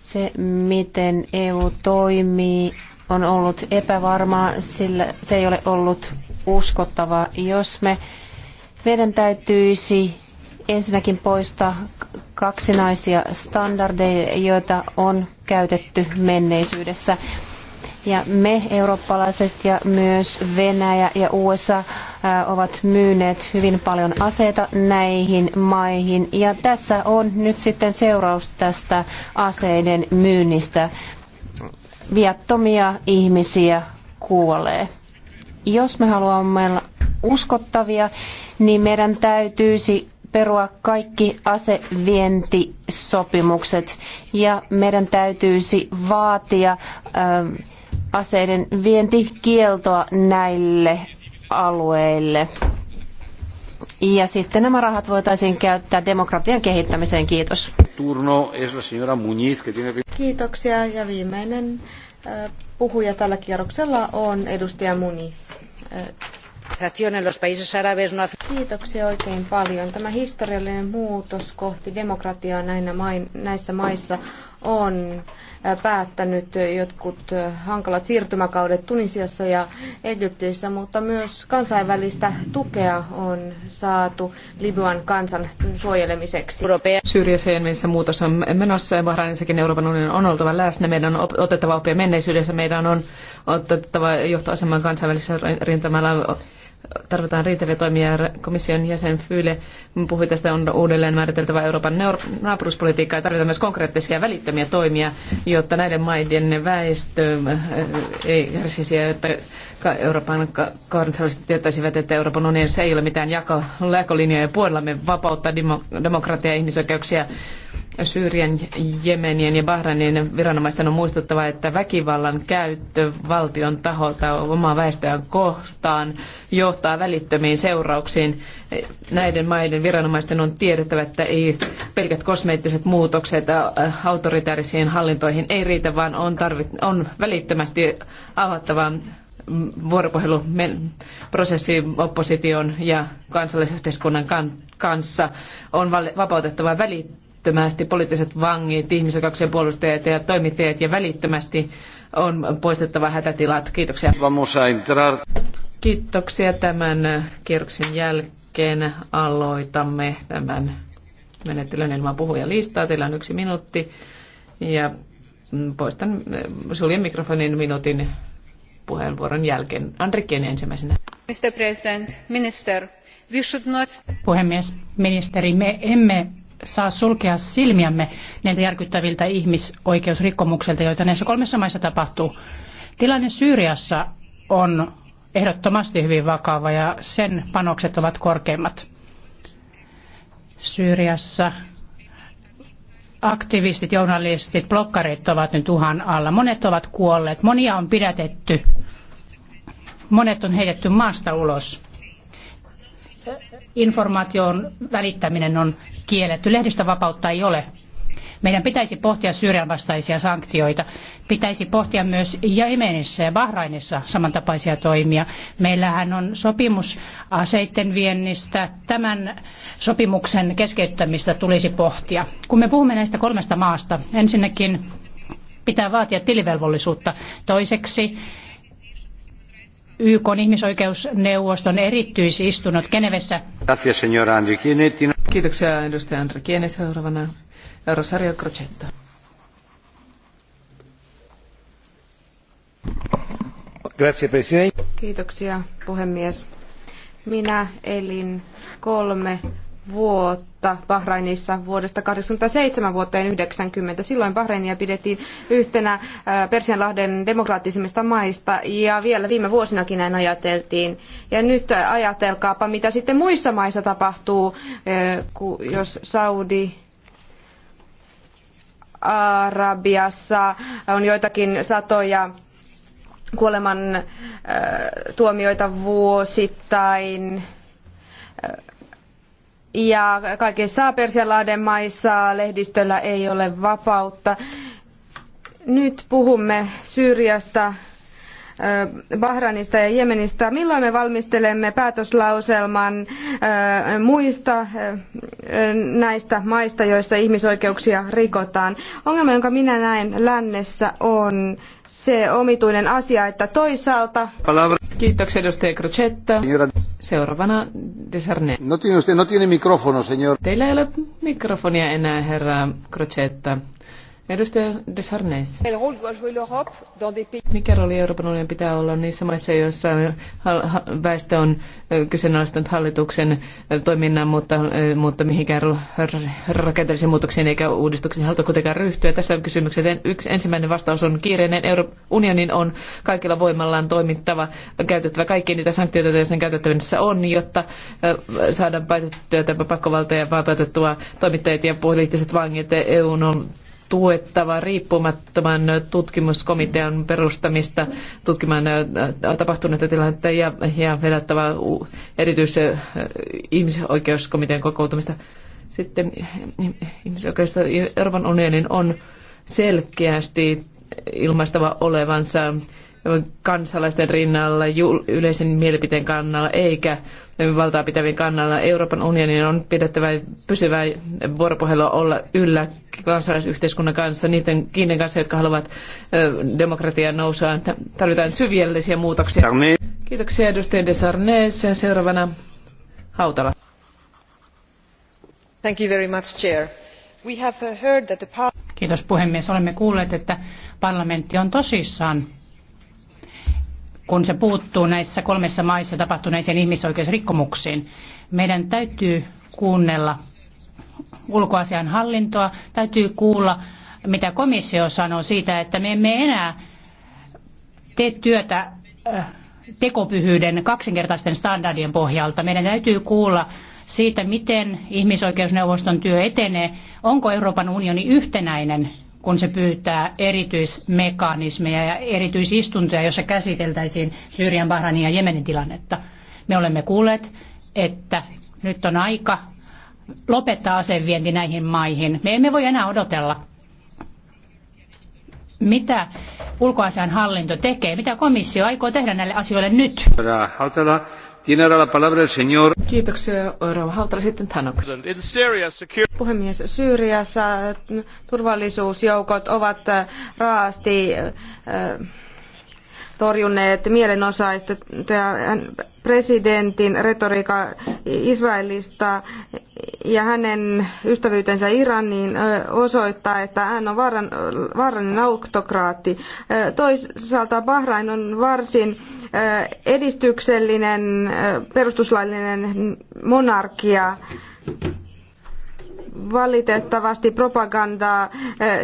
Se, miten EU toimii, on ollut epävarmaa, sillä se ei ole ollut uskottavaa. Jos me, meidän täytyisi ensinnäkin poistaa kaksinaisia standardeja, joita on käytetty menneisyydessä. Ja me eurooppalaiset ja myös Venäjä ja USA ovat myyneet hyvin paljon aseita näihin maihin. Ja tässä on nyt sitten seuraus tästä aseiden myynnistä. Viattomia ihmisiä kuolee. Jos me haluamme olla uskottavia, niin meidän täytyisi perua kaikki asevientisopimukset ja meidän täytyisi vaatia aseiden vientikieltoa näille alueille. Ja sitten nämä rahat voitaisiin käyttää demokratian kehittämiseen. Kiitos. Kiitoksia ja viimeinen puhuja tällä kierroksella on edustaja Muniz. No Kiitoksia oikein paljon. Tämä historiallinen muutos kohti demokratiaa näinä näissä maissa on päättänyt jotkut hankalat siirtymäkaudet Tunisiassa ja Egyptissä, mutta myös kansainvälistä tukea on saatu Libyan kansan suojelemiseksi. Syyriassa ja missä muutos on menossa ja Bahrainissakin Euroopan unionin on oltava läsnä. Meidän on otettava oppia menneisyydessä. Meidän on otettava johtoaseman kansainvälisessä rintamalla tarvitaan riittäviä toimia. Komission jäsen Fyle puhui tästä on uudelleen määriteltävä Euroopan naapuruspolitiikkaa ja tarvitaan myös konkreettisia välittömiä toimia, jotta näiden maiden väestö eh, ei kärsisi ja jotta Euroopan kansalaiset tietäisivät, että Euroopan unionissa ei ole mitään jako, jakolinjoja ja puolella me vapauttaa demokratiaa ja ihmisoikeuksia Syyrian, Jemenien ja Bahrainin viranomaisten on muistuttava, että väkivallan käyttö valtion taholta omaa väestöään kohtaan johtaa välittömiin seurauksiin. Näiden maiden viranomaisten on tiedettävä, että ei pelkät kosmeettiset muutokset autoritäärisiin hallintoihin ei riitä, vaan on, tarvit- on välittömästi avattava vuoropuheluprosessi opposition ja kansallisyhteiskunnan kanssa on vapautettava välittömästi välittömästi poliittiset vangit, ihmisoikeuksien puolustajat ja toimittajat ja välittömästi on poistettava hätätilat. Kiitoksia. Kiitoksia tämän kierroksen jälkeen. Aloitamme tämän menettelyn ilman puhujalistaa. Teillä on yksi minuutti ja poistan, suljen mikrofonin minuutin puheenvuoron jälkeen. Andrikkien ensimmäisenä. Mr. President, Minister, we should not... Puhemies, ministeri, me emme saa sulkea silmiämme näiltä järkyttäviltä ihmisoikeusrikkomuksilta, joita näissä kolmessa maissa tapahtuu. Tilanne Syyriassa on ehdottomasti hyvin vakava ja sen panokset ovat korkeimmat. Syyriassa aktivistit, journalistit, blokkarit ovat nyt uhan alla. Monet ovat kuolleet, monia on pidätetty, monet on heitetty maasta ulos. Informaation välittäminen on kielletty. Lehdistövapautta ei ole. Meidän pitäisi pohtia Syyrian vastaisia sanktioita. Pitäisi pohtia myös Jemenissä ja Bahrainissa samantapaisia toimia. Meillähän on sopimus aseiden viennistä. Tämän sopimuksen keskeyttämistä tulisi pohtia. Kun me puhumme näistä kolmesta maasta, ensinnäkin pitää vaatia tilivelvollisuutta. Toiseksi YK ihmisoikeusneuvoston erityisistunnot Genevessä. Kiitoksia edustaja Andra Kiene seuraavana. Rosario Crocetta. Kiitoksia puhemies. Minä elin kolme vuotta Bahrainissa vuodesta 87 vuoteen 90. Silloin Bahrainia pidettiin yhtenä äh, Persianlahden demokraattisimmista maista ja vielä viime vuosinakin näin ajateltiin. Ja nyt ajatelkaapa, mitä sitten muissa maissa tapahtuu, äh, jos Saudi Arabiassa on joitakin satoja kuoleman äh, tuomioita vuosittain ja kaikissa Persianlahden maissa lehdistöllä ei ole vapautta. Nyt puhumme Syyriasta Bahrainista ja Jemenistä. Milloin me valmistelemme päätöslauselman muista näistä maista, joissa ihmisoikeuksia rikotaan? Ongelma, jonka minä näen lännessä, on se omituinen asia, että toisaalta... Kiitoksia edustaja Crocetta. Seuraavana Desarne. No tiene, no tiene señor. Teillä ei ole mikrofonia enää, herra Crocetta. Edustaja Mikä rooli Euroopan unionin pitää olla niissä maissa, joissa äh, väestö on äh, kyseenalaistanut hallituksen äh, toiminnan, mutta, mutta mihinkään rakenteellisiin muutoksiin eikä uudistuksiin haluta kuitenkaan ryhtyä? Tässä on kysymykset. Yksi ensimmäinen vastaus on kiireinen. Euroopan unionin on kaikilla voimallaan toimittava, käytettävä kaikki niitä sanktioita, joita sen käytettävissä on, jotta saadaan päätettyä tämä pakkovalta ja vapautettua toimittajat ja poliittiset vangit. EU on tuettava riippumattoman tutkimuskomitean perustamista tutkimaan tapahtuneita tilanteita ja, ja vedettävä erityis- ihmisoikeuskomitean kokoutumista. Sitten ihmisoikeudesta Euroopan unionin on selkeästi ilmaistava olevansa kansalaisten rinnalla, yleisen mielipiteen kannalla eikä valtaa pitävien kannalla. Euroopan unionin on pidettävä pysyvää vuoropuhelua olla yllä kansalaisyhteiskunnan kanssa, niiden kiinnin kanssa, jotka haluavat demokratian nousua. Tarvitaan syvällisiä muutoksia. Kiitoksia edustaja Desarnes. Seuraavana Hautala. Thank you very much, Chair. We have heard that the Kiitos puhemies. Olemme kuulleet, että parlamentti on tosissaan kun se puuttuu näissä kolmessa maissa tapahtuneisiin ihmisoikeusrikkomuksiin. Meidän täytyy kuunnella ulkoasian hallintoa, täytyy kuulla, mitä komissio sanoo siitä, että me emme enää tee työtä äh, tekopyhyyden kaksinkertaisten standardien pohjalta. Meidän täytyy kuulla siitä, miten ihmisoikeusneuvoston työ etenee, onko Euroopan unioni yhtenäinen kun se pyytää erityismekanismeja ja erityisistuntoja, jossa käsiteltäisiin Syyrian, Bahrainin ja Jemenin tilannetta. Me olemme kuulleet, että nyt on aika lopettaa asevienti näihin maihin. Me emme voi enää odotella. Mitä ulkoasian hallinto tekee? Mitä komissio aikoo tehdä näille asioille nyt? Kiitoksia, Rauha Hautala. Sitten Tanok. Puhemies, Syyriassa äh, turvallisuusjoukot ovat äh, raasti äh, torjuneet mielenosoittajia presidentin retoriikka Israelista ja hänen ystävyytensä Iraniin osoittaa, että hän on vaarallinen autokraatti. Toisaalta Bahrain on varsin edistyksellinen perustuslaillinen monarkia valitettavasti propagandaa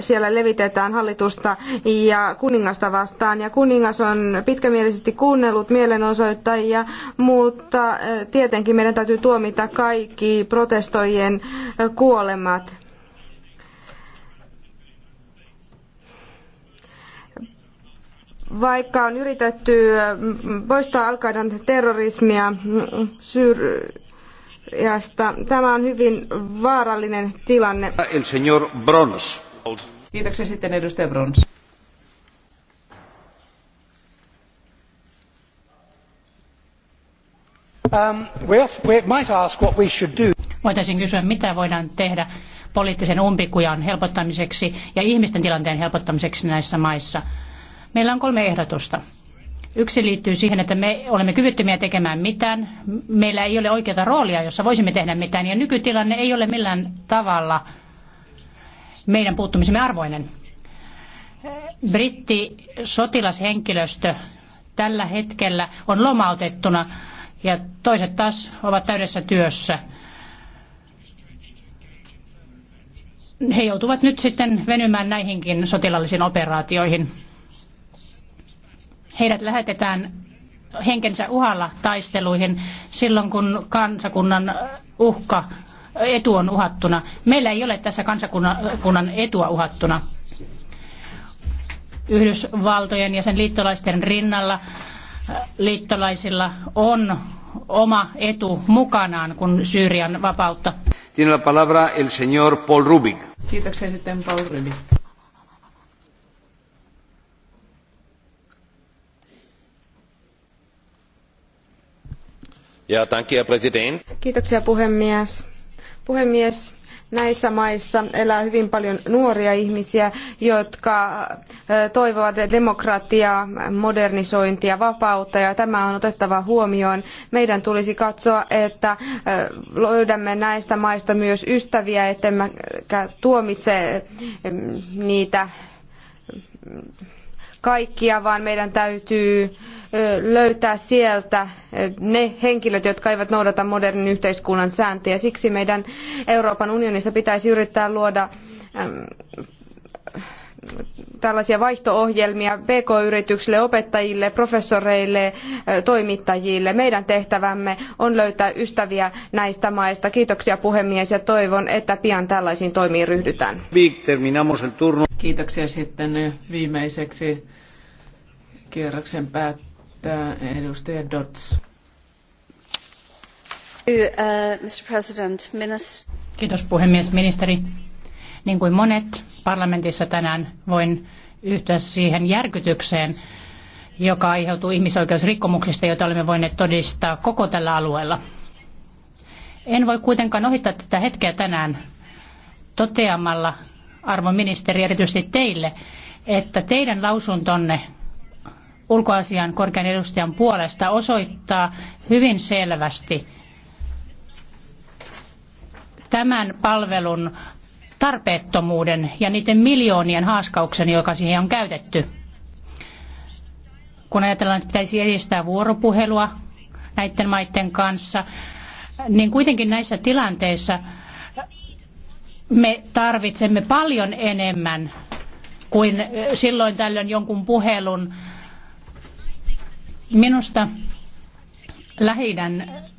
siellä levitetään hallitusta ja kuningasta vastaan. Ja kuningas on pitkämielisesti kuunnellut mielenosoittajia, mutta tietenkin meidän täytyy tuomita kaikki protestoijien kuolemat. Vaikka on yritetty mm, mm, poistaa al terrorismia Syyriasta, tämä on hyvin vaarallinen tilanne. El señor Brons. Kiitoksia sitten edustaja Brons. Um, we, might ask what we should do. Voitaisiin kysyä, mitä voidaan tehdä poliittisen umpikujan helpottamiseksi ja ihmisten tilanteen helpottamiseksi näissä maissa. Meillä on kolme ehdotusta. Yksi liittyy siihen, että me olemme kyvyttömiä tekemään mitään. Meillä ei ole oikeaa roolia, jossa voisimme tehdä mitään. Ja nykytilanne ei ole millään tavalla meidän puuttumisemme arvoinen. Britti sotilashenkilöstö tällä hetkellä on lomautettuna ja toiset taas ovat täydessä työssä. He joutuvat nyt sitten venymään näihinkin sotilallisiin operaatioihin. Heidät lähetetään henkensä uhalla taisteluihin silloin, kun kansakunnan äh, uhka, äh, etu on uhattuna. Meillä ei ole tässä kansakunnan etua uhattuna. Yhdysvaltojen ja sen liittolaisten rinnalla äh, liittolaisilla on oma etu mukanaan, kun Syyrian vapautta. Tiene la palabra el señor Paul Rubik. Kiitoksia sitten Paul Rubik. arvoisa Kiitoksia puhemies. Puhemies, näissä maissa elää hyvin paljon nuoria ihmisiä, jotka toivovat demokratiaa, modernisointia, vapautta ja tämä on otettava huomioon. Meidän tulisi katsoa, että löydämme näistä maista myös ystäviä, ettemme tuomitse niitä kaikkia, vaan meidän täytyy löytää sieltä ne henkilöt, jotka eivät noudata modernin yhteiskunnan sääntöjä. Siksi meidän Euroopan unionissa pitäisi yrittää luoda tällaisia vaihtoohjelmia ohjelmia PK-yrityksille, opettajille, professoreille, toimittajille. Meidän tehtävämme on löytää ystäviä näistä maista. Kiitoksia puhemies ja toivon, että pian tällaisiin toimiin ryhdytään. Kiitoksia sitten viimeiseksi kierroksen päättää edustaja Dots. Uh, Kiitos puhemies, ministeri. Niin kuin monet parlamentissa tänään voin yhtyä siihen järkytykseen, joka aiheutuu ihmisoikeusrikkomuksista, joita olemme voineet todistaa koko tällä alueella. En voi kuitenkaan ohittaa tätä hetkeä tänään toteamalla, arvon ministeri, erityisesti teille, että teidän lausuntonne ulkoasian korkean edustajan puolesta osoittaa hyvin selvästi tämän palvelun tarpeettomuuden ja niiden miljoonien haaskauksen, joka siihen on käytetty. Kun ajatellaan, että pitäisi edistää vuoropuhelua näiden maiden kanssa, niin kuitenkin näissä tilanteissa me tarvitsemme paljon enemmän kuin silloin tällöin jonkun puhelun. Minusta lähi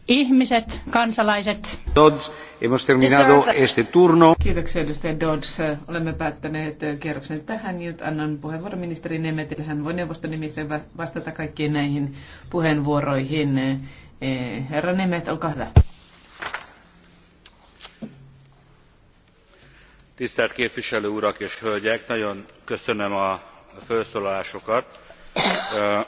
ihmiset, kansalaiset. Dodds, hemos terminado este turno. Kiitoksia edustaja Dodds. Olemme päättäneet kierroksen tähän. Nyt annan puheenvuoron ministeri Nemetille. Hän voi neuvoston nimissä vastata kaikkiin näihin puheenvuoroihin. Eh, herra Nemet, olkaa hyvä. Tisztelt képviselő urak és hölgyek, nagyon köszönöm a felszólalásokat. Eh,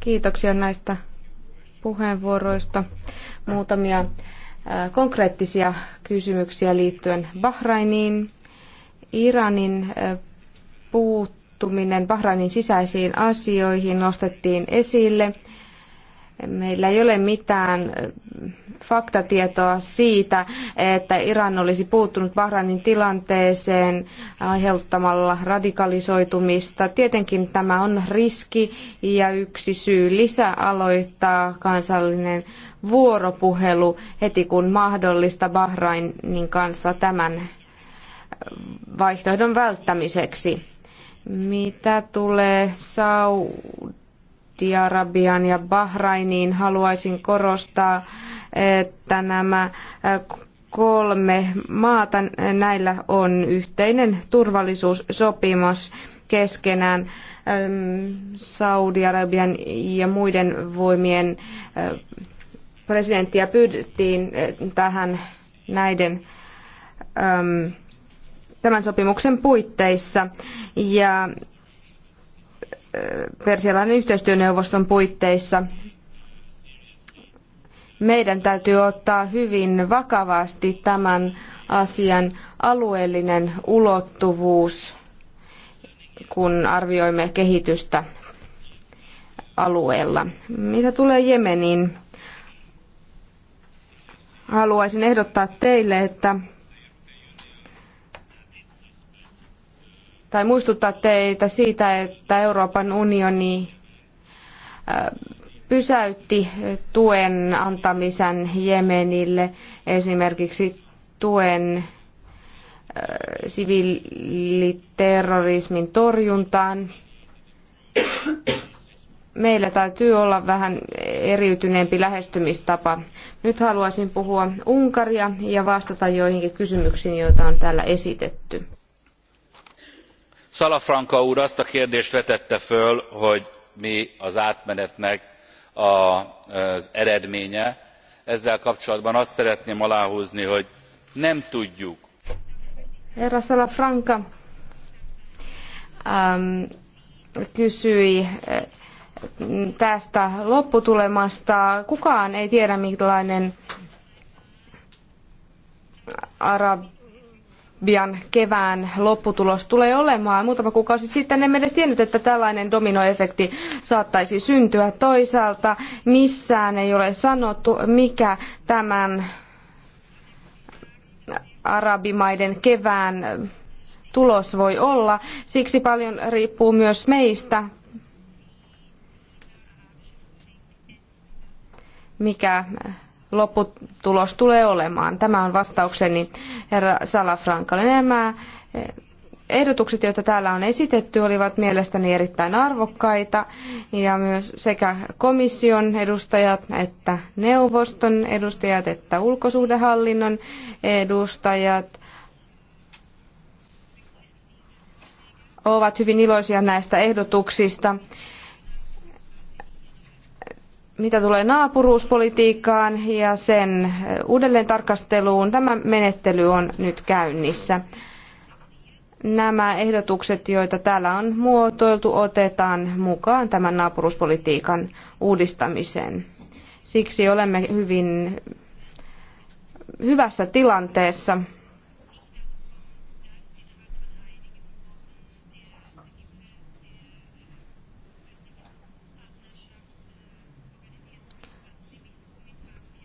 Kiitoksia näistä puheenvuoroista. Muutamia konkreettisia kysymyksiä liittyen Bahrainiin. Iranin puuttuminen Bahrainin sisäisiin asioihin nostettiin esille. Meillä ei ole mitään faktatietoa siitä, että Iran olisi puuttunut Bahrainin tilanteeseen aiheuttamalla radikalisoitumista. Tietenkin tämä on riski ja yksi syy lisää aloittaa kansallinen vuoropuhelu heti kun mahdollista Bahrainin kanssa tämän vaihtoehdon välttämiseksi. Mitä tulee Saudi Saudi-Arabiaan ja Bahrainiin, haluaisin korostaa, että nämä äh, kolme maata, äh, näillä on yhteinen turvallisuussopimus keskenään. Ähm, Saudi-Arabian ja muiden voimien äh, presidenttiä pyydettiin tähän näiden ähm, tämän sopimuksen puitteissa. Ja Persialainen yhteistyöneuvoston puitteissa meidän täytyy ottaa hyvin vakavasti tämän asian alueellinen ulottuvuus, kun arvioimme kehitystä alueella. Mitä tulee Jemeniin, haluaisin ehdottaa teille, että tai muistuttaa teitä siitä, että Euroopan unioni pysäytti tuen antamisen Jemenille, esimerkiksi tuen siviiliterrorismin torjuntaan. Meillä täytyy olla vähän eriytyneempi lähestymistapa. Nyt haluaisin puhua Unkaria ja vastata joihinkin kysymyksiin, joita on täällä esitetty salafranca úr azt a kérdést vetette föl hogy mi az átmenetnek az eredménye ezzel kapcsolatban azt szeretném aláhúzni hogy nem tudjuk Herra Salafranca ähm, um, kysyi eh, tästä lopputulemasta. Kukaan ei tiedä, minkälainen arab Serbian kevään lopputulos tulee olemaan. Muutama kuukausi sitten emme edes tiennyt, että tällainen dominoefekti saattaisi syntyä. Toisaalta missään ei ole sanottu, mikä tämän arabimaiden kevään tulos voi olla. Siksi paljon riippuu myös meistä, mikä lopputulos tulee olemaan. Tämä on vastaukseni herra Salafrankalle. Nämä eh, ehdotukset, joita täällä on esitetty, olivat mielestäni erittäin arvokkaita ja myös sekä komission edustajat että neuvoston edustajat että ulkosuhdehallinnon edustajat ovat hyvin iloisia näistä ehdotuksista mitä tulee naapuruuspolitiikkaan ja sen eh, uudelleen tarkasteluun, tämä menettely on nyt käynnissä. Nämä ehdotukset, joita täällä on muotoiltu, otetaan mukaan tämän naapuruuspolitiikan uudistamiseen. Siksi olemme hyvin hyvässä tilanteessa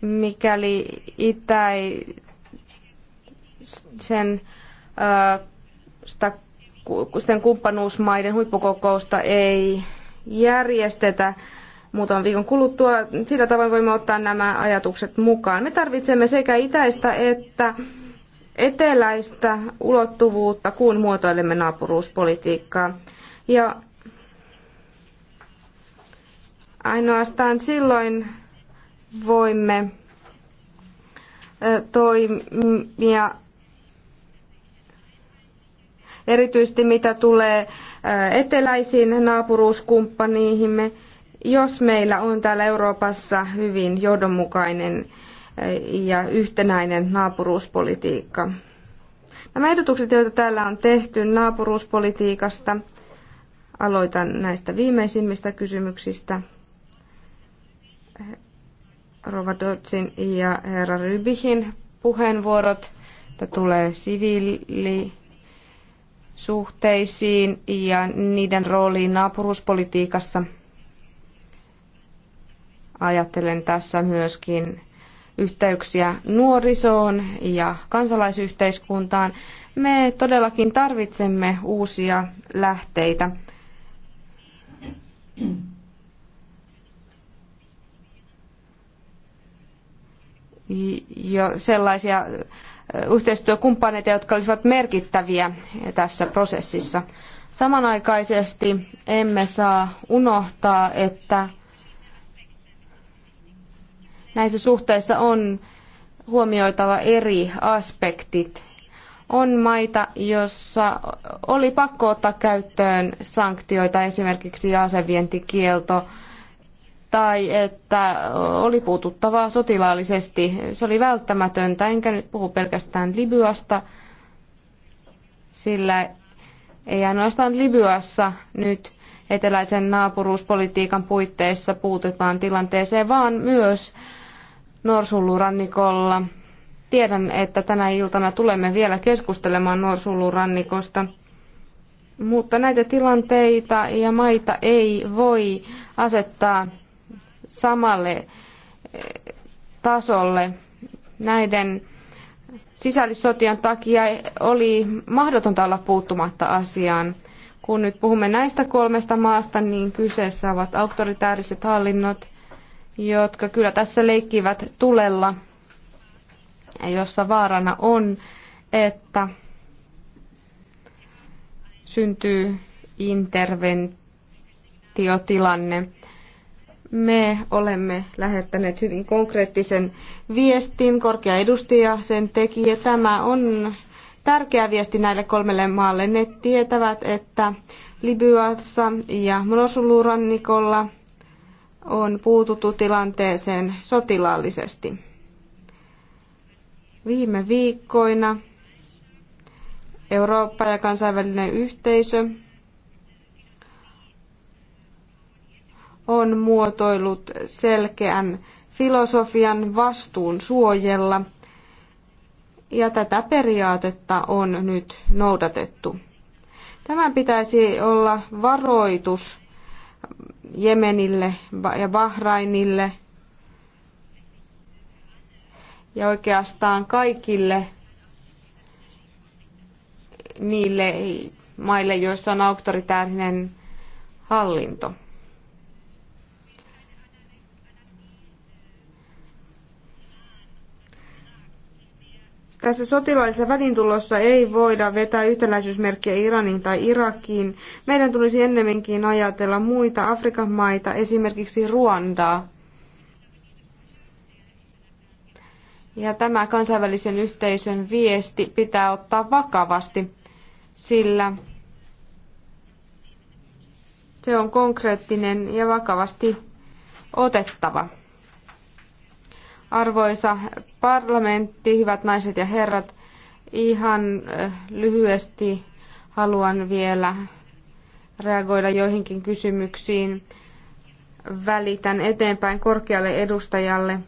mikäli äh, sitä, sen kumppanuusmaiden huippukokousta ei järjestetä muutaman viikon kuluttua. Sillä tavoin voimme ottaa nämä ajatukset mukaan. Me tarvitsemme sekä itäistä että eteläistä ulottuvuutta, kun muotoilemme naapuruuspolitiikkaa. Ja ainoastaan silloin voimme toimia erityisesti mitä tulee eteläisiin naapuruuskumppaniihimme, jos meillä on täällä Euroopassa hyvin johdonmukainen ja yhtenäinen naapuruuspolitiikka. Nämä ehdotukset, joita täällä on tehty naapuruuspolitiikasta, aloitan näistä viimeisimmistä kysymyksistä. Rova Dodgin ja herra Rybihin puheenvuorot, että tulee siviili suhteisiin ja niiden rooliin naapuruuspolitiikassa. Ajattelen tässä myöskin yhteyksiä nuorisoon ja kansalaisyhteiskuntaan. Me todellakin tarvitsemme uusia lähteitä. jo sellaisia yhteistyökumppaneita, jotka olisivat merkittäviä tässä prosessissa. Samanaikaisesti emme saa unohtaa, että näissä suhteissa on huomioitava eri aspektit. On maita, joissa oli pakko ottaa käyttöön sanktioita, esimerkiksi asevientikielto, tai että oli puututtavaa sotilaallisesti. Se oli välttämätöntä, enkä nyt puhu pelkästään Libyasta, sillä ei ainoastaan Libyassa nyt eteläisen naapuruuspolitiikan puitteissa puututaan tilanteeseen, vaan myös Norsullurannikolla. Tiedän, että tänä iltana tulemme vielä keskustelemaan Norsullurannikosta, mutta näitä tilanteita ja maita ei voi asettaa samalle eh, tasolle. Näiden sisällissotien takia oli mahdotonta olla puuttumatta asiaan. Kun nyt puhumme näistä kolmesta maasta, niin kyseessä ovat autoritääriset hallinnot, jotka kyllä tässä leikkivät tulella, jossa vaarana on, että syntyy interventiotilanne me olemme lähettäneet hyvin konkreettisen viestin. Korkea edustaja sen teki ja tämä on tärkeä viesti näille kolmelle maalle. Ne tietävät, että Libyassa ja Mosulurannikolla on puututtu tilanteeseen sotilaallisesti. Viime viikkoina Eurooppa ja kansainvälinen yhteisö on muotoillut selkeän filosofian vastuun suojella, ja tätä periaatetta on nyt noudatettu. Tämän pitäisi olla varoitus Jemenille ja Bahrainille ja oikeastaan kaikille niille maille, joissa on auktoritäärinen hallinto. Tässä sotilaallisessa välintulossa ei voida vetää yhtäläisyysmerkkiä Iraniin tai Irakiin. Meidän tulisi ennemminkin ajatella muita Afrikan maita, esimerkiksi Ruandaa. Ja tämä kansainvälisen yhteisön viesti pitää ottaa vakavasti, sillä se on konkreettinen ja vakavasti otettava. Arvoisa parlamentti, hyvät naiset ja herrat, ihan lyhyesti haluan vielä reagoida joihinkin kysymyksiin. Välitän eteenpäin korkealle edustajalle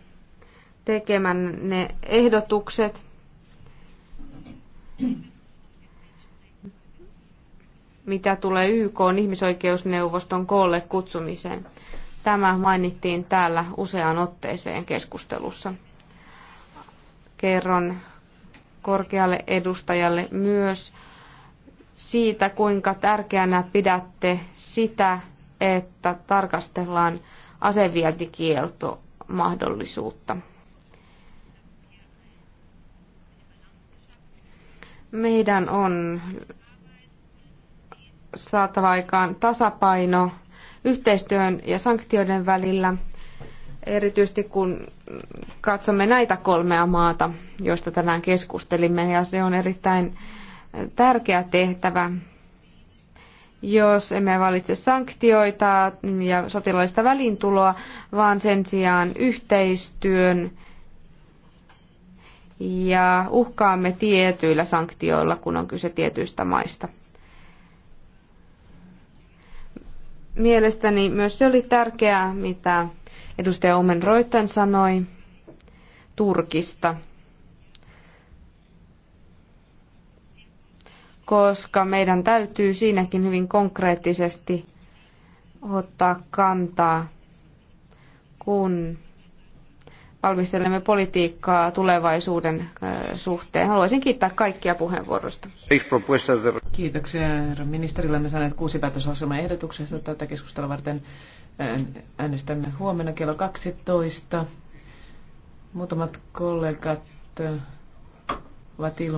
ne ehdotukset. mitä tulee YK ihmisoikeusneuvoston koolle kutsumiseen. Tämä mainittiin täällä useaan otteeseen keskustelussa. Kerron korkealle edustajalle myös siitä, kuinka tärkeänä pidätte sitä, että tarkastellaan asevientikieltomahdollisuutta. Meidän on saatava aikaan tasapaino yhteistyön ja sanktioiden välillä, erityisesti kun katsomme näitä kolmea maata, joista tänään keskustelimme, ja se on erittäin tärkeä tehtävä. Jos emme valitse sanktioita ja sotilaallista välintuloa, vaan sen sijaan yhteistyön ja uhkaamme tietyillä sanktioilla, kun on kyse tietyistä maista. Mielestäni myös se oli tärkeää, mitä edustaja Omen Roitten sanoi Turkista. koska meidän täytyy siinäkin hyvin konkreettisesti ottaa kantaa, kun valmistelemme politiikkaa tulevaisuuden suhteen. Haluaisin kiittää kaikkia puheenvuorosta. Kiitoksia herra ministerille. Me saaneet kuusi päätösohjelman ehdotuksesta tätä keskustelua varten. Äänestämme huomenna kello 12. Muutamat kollegat ovat ilmoittaneet.